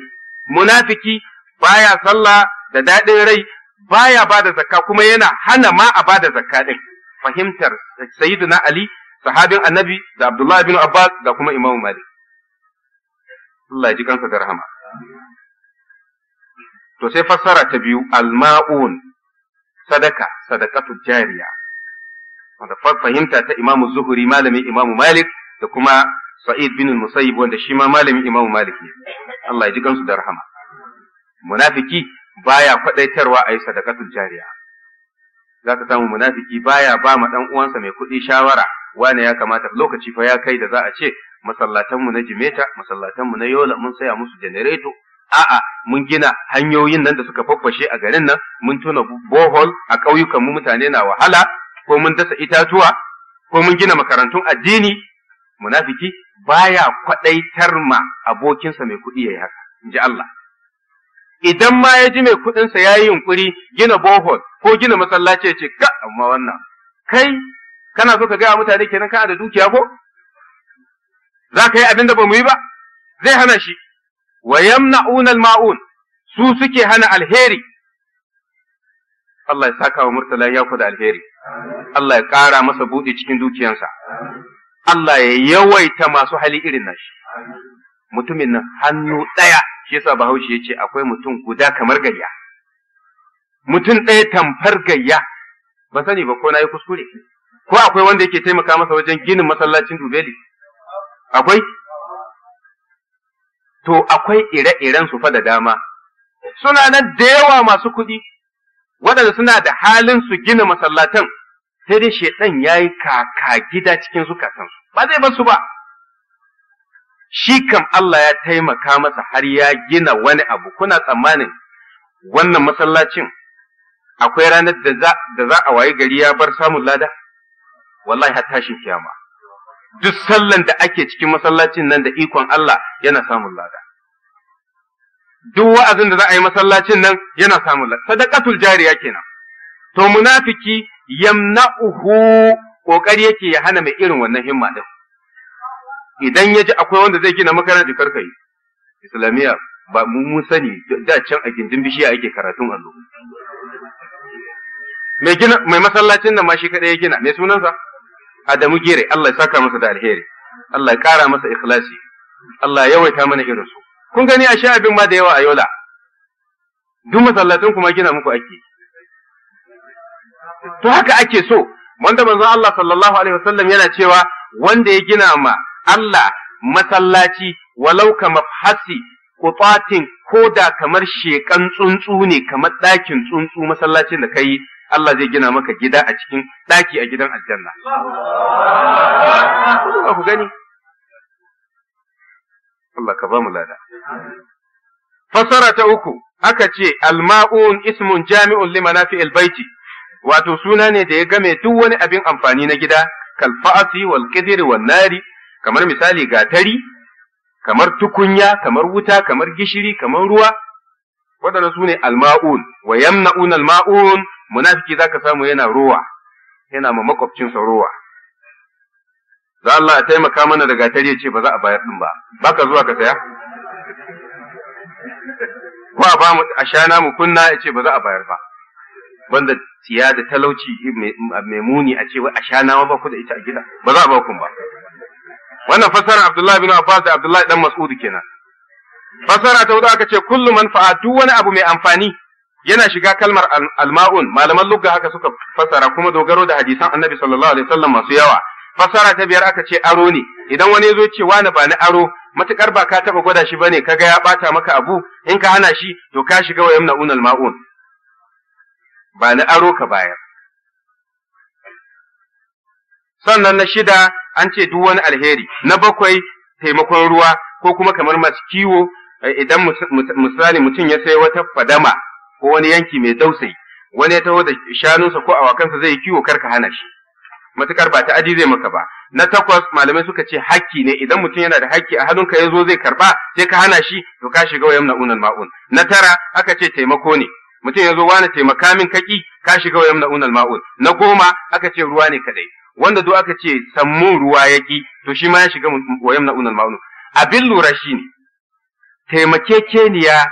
munafiki baya sallah da daɗin rai baya bada zakka kuma yana hana ma a bada zakka ɗin. fahimtar sayidina ali sahabin annabi da abdullahi bin abbas da kuma imamu malik Allah ji kansa da rahama to sai fassara ta biyu al-ma'un sadaka sadaqatul jariya wanda fahimta ta Imam Zuhuri malamin Imam Malik da kuma Sa'id bin Musayyib wanda shi ma malamin Imam Malik ne Allah ya ji gansu da rahama munafiki baya kwadaitarwa a yi sadaqatul jariya za ka samu munafiki baya ba ma dan uwansa mai kuɗi shawara wane ya kamata lokaci fa ya kai da za a ce masallatan mu na Jimeta masallatan mu na Yola mun saya musu janareto a'a mun gina hanyoyin nan da suka faffashe a garin nan mun tuna bohol a ƙauyukan mu mutane na wahala ko mun dasa itatuwa ko mun gina makarantun addini munafiki baya kwadaitar ma abokinsa mai kuɗi yayi haka in ji Allah idan ma ya ji mai kuɗinsa ya yi yunƙuri gina bohol ko gina masallaci ya ce ka amma wannan kai kana so ka gaya mutane kenan kana da dukiya ko za ka yi abin da ba mu yi ba zai hana shi wa yamna'una maun su suke hana alheri Allah ya saka wa Murtala ya da alheri. Allah ya ƙara masa buɗe cikin dukiyansa. Allah ya yawaita masu hali irin nashi. Mutumin nan hannu ɗaya shi yasa Bahaushe ya ce akwai mutum guda kamar gayya. Mutum ɗaya tamfar gayya ba sani ba ko na yi kuskure. Ko akwai wanda yake taimaka masa wajen ginin masallacin Dubeli? Akwai? To akwai ire-iren su fa da dama. Suna nan da yawa masu kuɗi waɗanda suna da halin su gina masallatan sai dai shaidan ya yi kaka gida cikin zukatansu ba zai basu ba shi kam Allah ya taimaka masa har ya gina wani abu kuna tsammanin wannan masallacin akwai ranar da za a wayi gari ya bar samun lada wallahi har tashin kiyama duk sallan da ake cikin masallacin nan da ikon Allah yana samun lada duk wa'azin da za a yi masallacin nan yana samun sadaqatul jariya kenan to munafiki yamna'uhu kokari yake ya hana mai irin wannan himma din idan ya ji akwai wanda zai gina makaranta karka kai islamiyya ba mu mun sani da can a gindin bishiya ake karatun allo mai gina mai masallacin nan ma shi kadai ya gina mai sunansa Adamu Gere Allah ya saka masa da alheri Allah ya kara masa ikhlasi Allah ya yawaita mana irin su kun gani a sha abin ma da yawa a yola duk masallacin kuma gina muku ake to haka ake so wanda manzon Allah sallallahu alaihi wasallam yana cewa wanda ya gina ma Allah masallaci walau kamar hasi ko da kamar shekan tsuntsu ne kamar ɗakin tsuntsu masallacin da kai Allah zai gina maka gida a cikin ɗaki a gidan aljanna. Ku gani, Allah ka ba mu lada. Fassara ta uku, aka ce, Alma'un ismun jami'un limana fi albaiti, wato suna ne da ya game duk wani abin amfani na gida, kalfa'asi, wal kidiri, wal nari, kamar misali gatari, kamar tukunya, kamar wuta, kamar gishiri, kamar ruwa, waɗanda su ne alma'un, wa yamna'un alma'un, munafiki za ka samu yana ruwa, yana ma makwabcinsa ruwa. da Allah a taimaka mana da gatari ya ce ba za a bayar din ba baka zuwa ka saya ko a ba mu a shana mu kunna ya ce ba za a bayar ba banda siya da talauci mai muni a ce wai a shana ma ba ku da ita a gida ba za a ba ku ba wannan fasara Abdullahi bin Abbas da Abdullahi dan Mas'ud kenan fasara ta wuda aka ce kullu manfa'a duk wani abu mai amfani yana shiga kalmar al alma'un malaman lugga haka suka fasara kuma dogaro da hadisan annabi sallallahu alaihi wasallam masu yawa fasara ta biyar aka ce aro ne idan wani zo ce wani ba ni aro matukar ba ka taba gwada shi bane kaga ya bata maka abu in ka hana shi to ka shiga wa yamna unal ma'un ba ni aro ka bayar sannan na shida an ce duk wani alheri na bakwai taimakon ruwa ko kuma kamar masu kiwo eh, idan misali mutum ya sai wata fadama ko wani yanki mai dausayi wani ya taho da shanunsa ko awakansa zai yi kiwo karka hana shi matukar ba aji zai maka ba na takwas malamai suka ce hakki ne idan mutum yana da hakki a hannunka ya zo zai karba sai ka hana shi to ka shiga wayan na'unan ma'un na tara aka ce taimako ne mutum ya zo wani taimaka min kaki ka shiga wayan na'unan ma'un na goma aka ce ruwa ne kadai wanda duk aka ce sammun ruwa yaki to shi ma ya shiga wayan na'unan ma'un abin lura shi ne taimakekeniya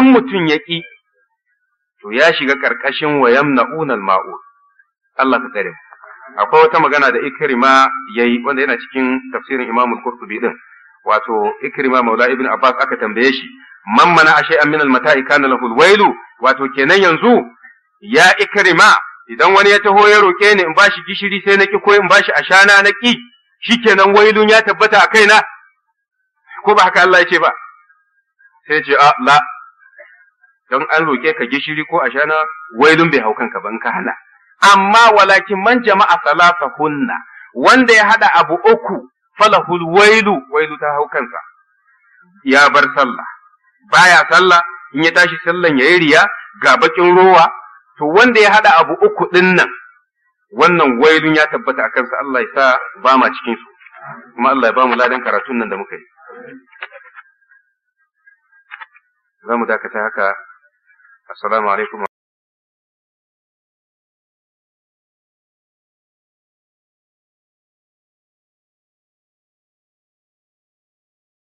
in mutum ya to ya shiga karkashin wayan na'unan ma'un Allah ka tsare mu akwai wata magana da ikrima yayi wanda yana cikin tafsirin imamu qurtubi din wato ikrima maula ibn abbas aka tambaye shi man mana ashe min Mata, kana lahu wailu wato kenan yanzu ya ikrima idan wani ya taho ya roke ni in bashi gishiri sai na ki ko in bashi ashana na ki kenan wailun ya tabbata a kaina ko ba haka Allah ya ce ba sai ce a la don an roke ka gishiri ko ashana wailun bai hau kanka ban ka hana amma walakin man jama'a salasa hunna wanda ya hada abu uku falahul wailu wailu ta hau ya bar sallah baya sallah in ya tashi sallan yayi riya ga bakin rowa to wanda ya hada abu uku din nan wannan wailun ya tabbata a kansa Allah ya sa ba ma cikin su kuma Allah ya ba mu ladan karatun nan da muka yi za mu dakata haka assalamu alaikum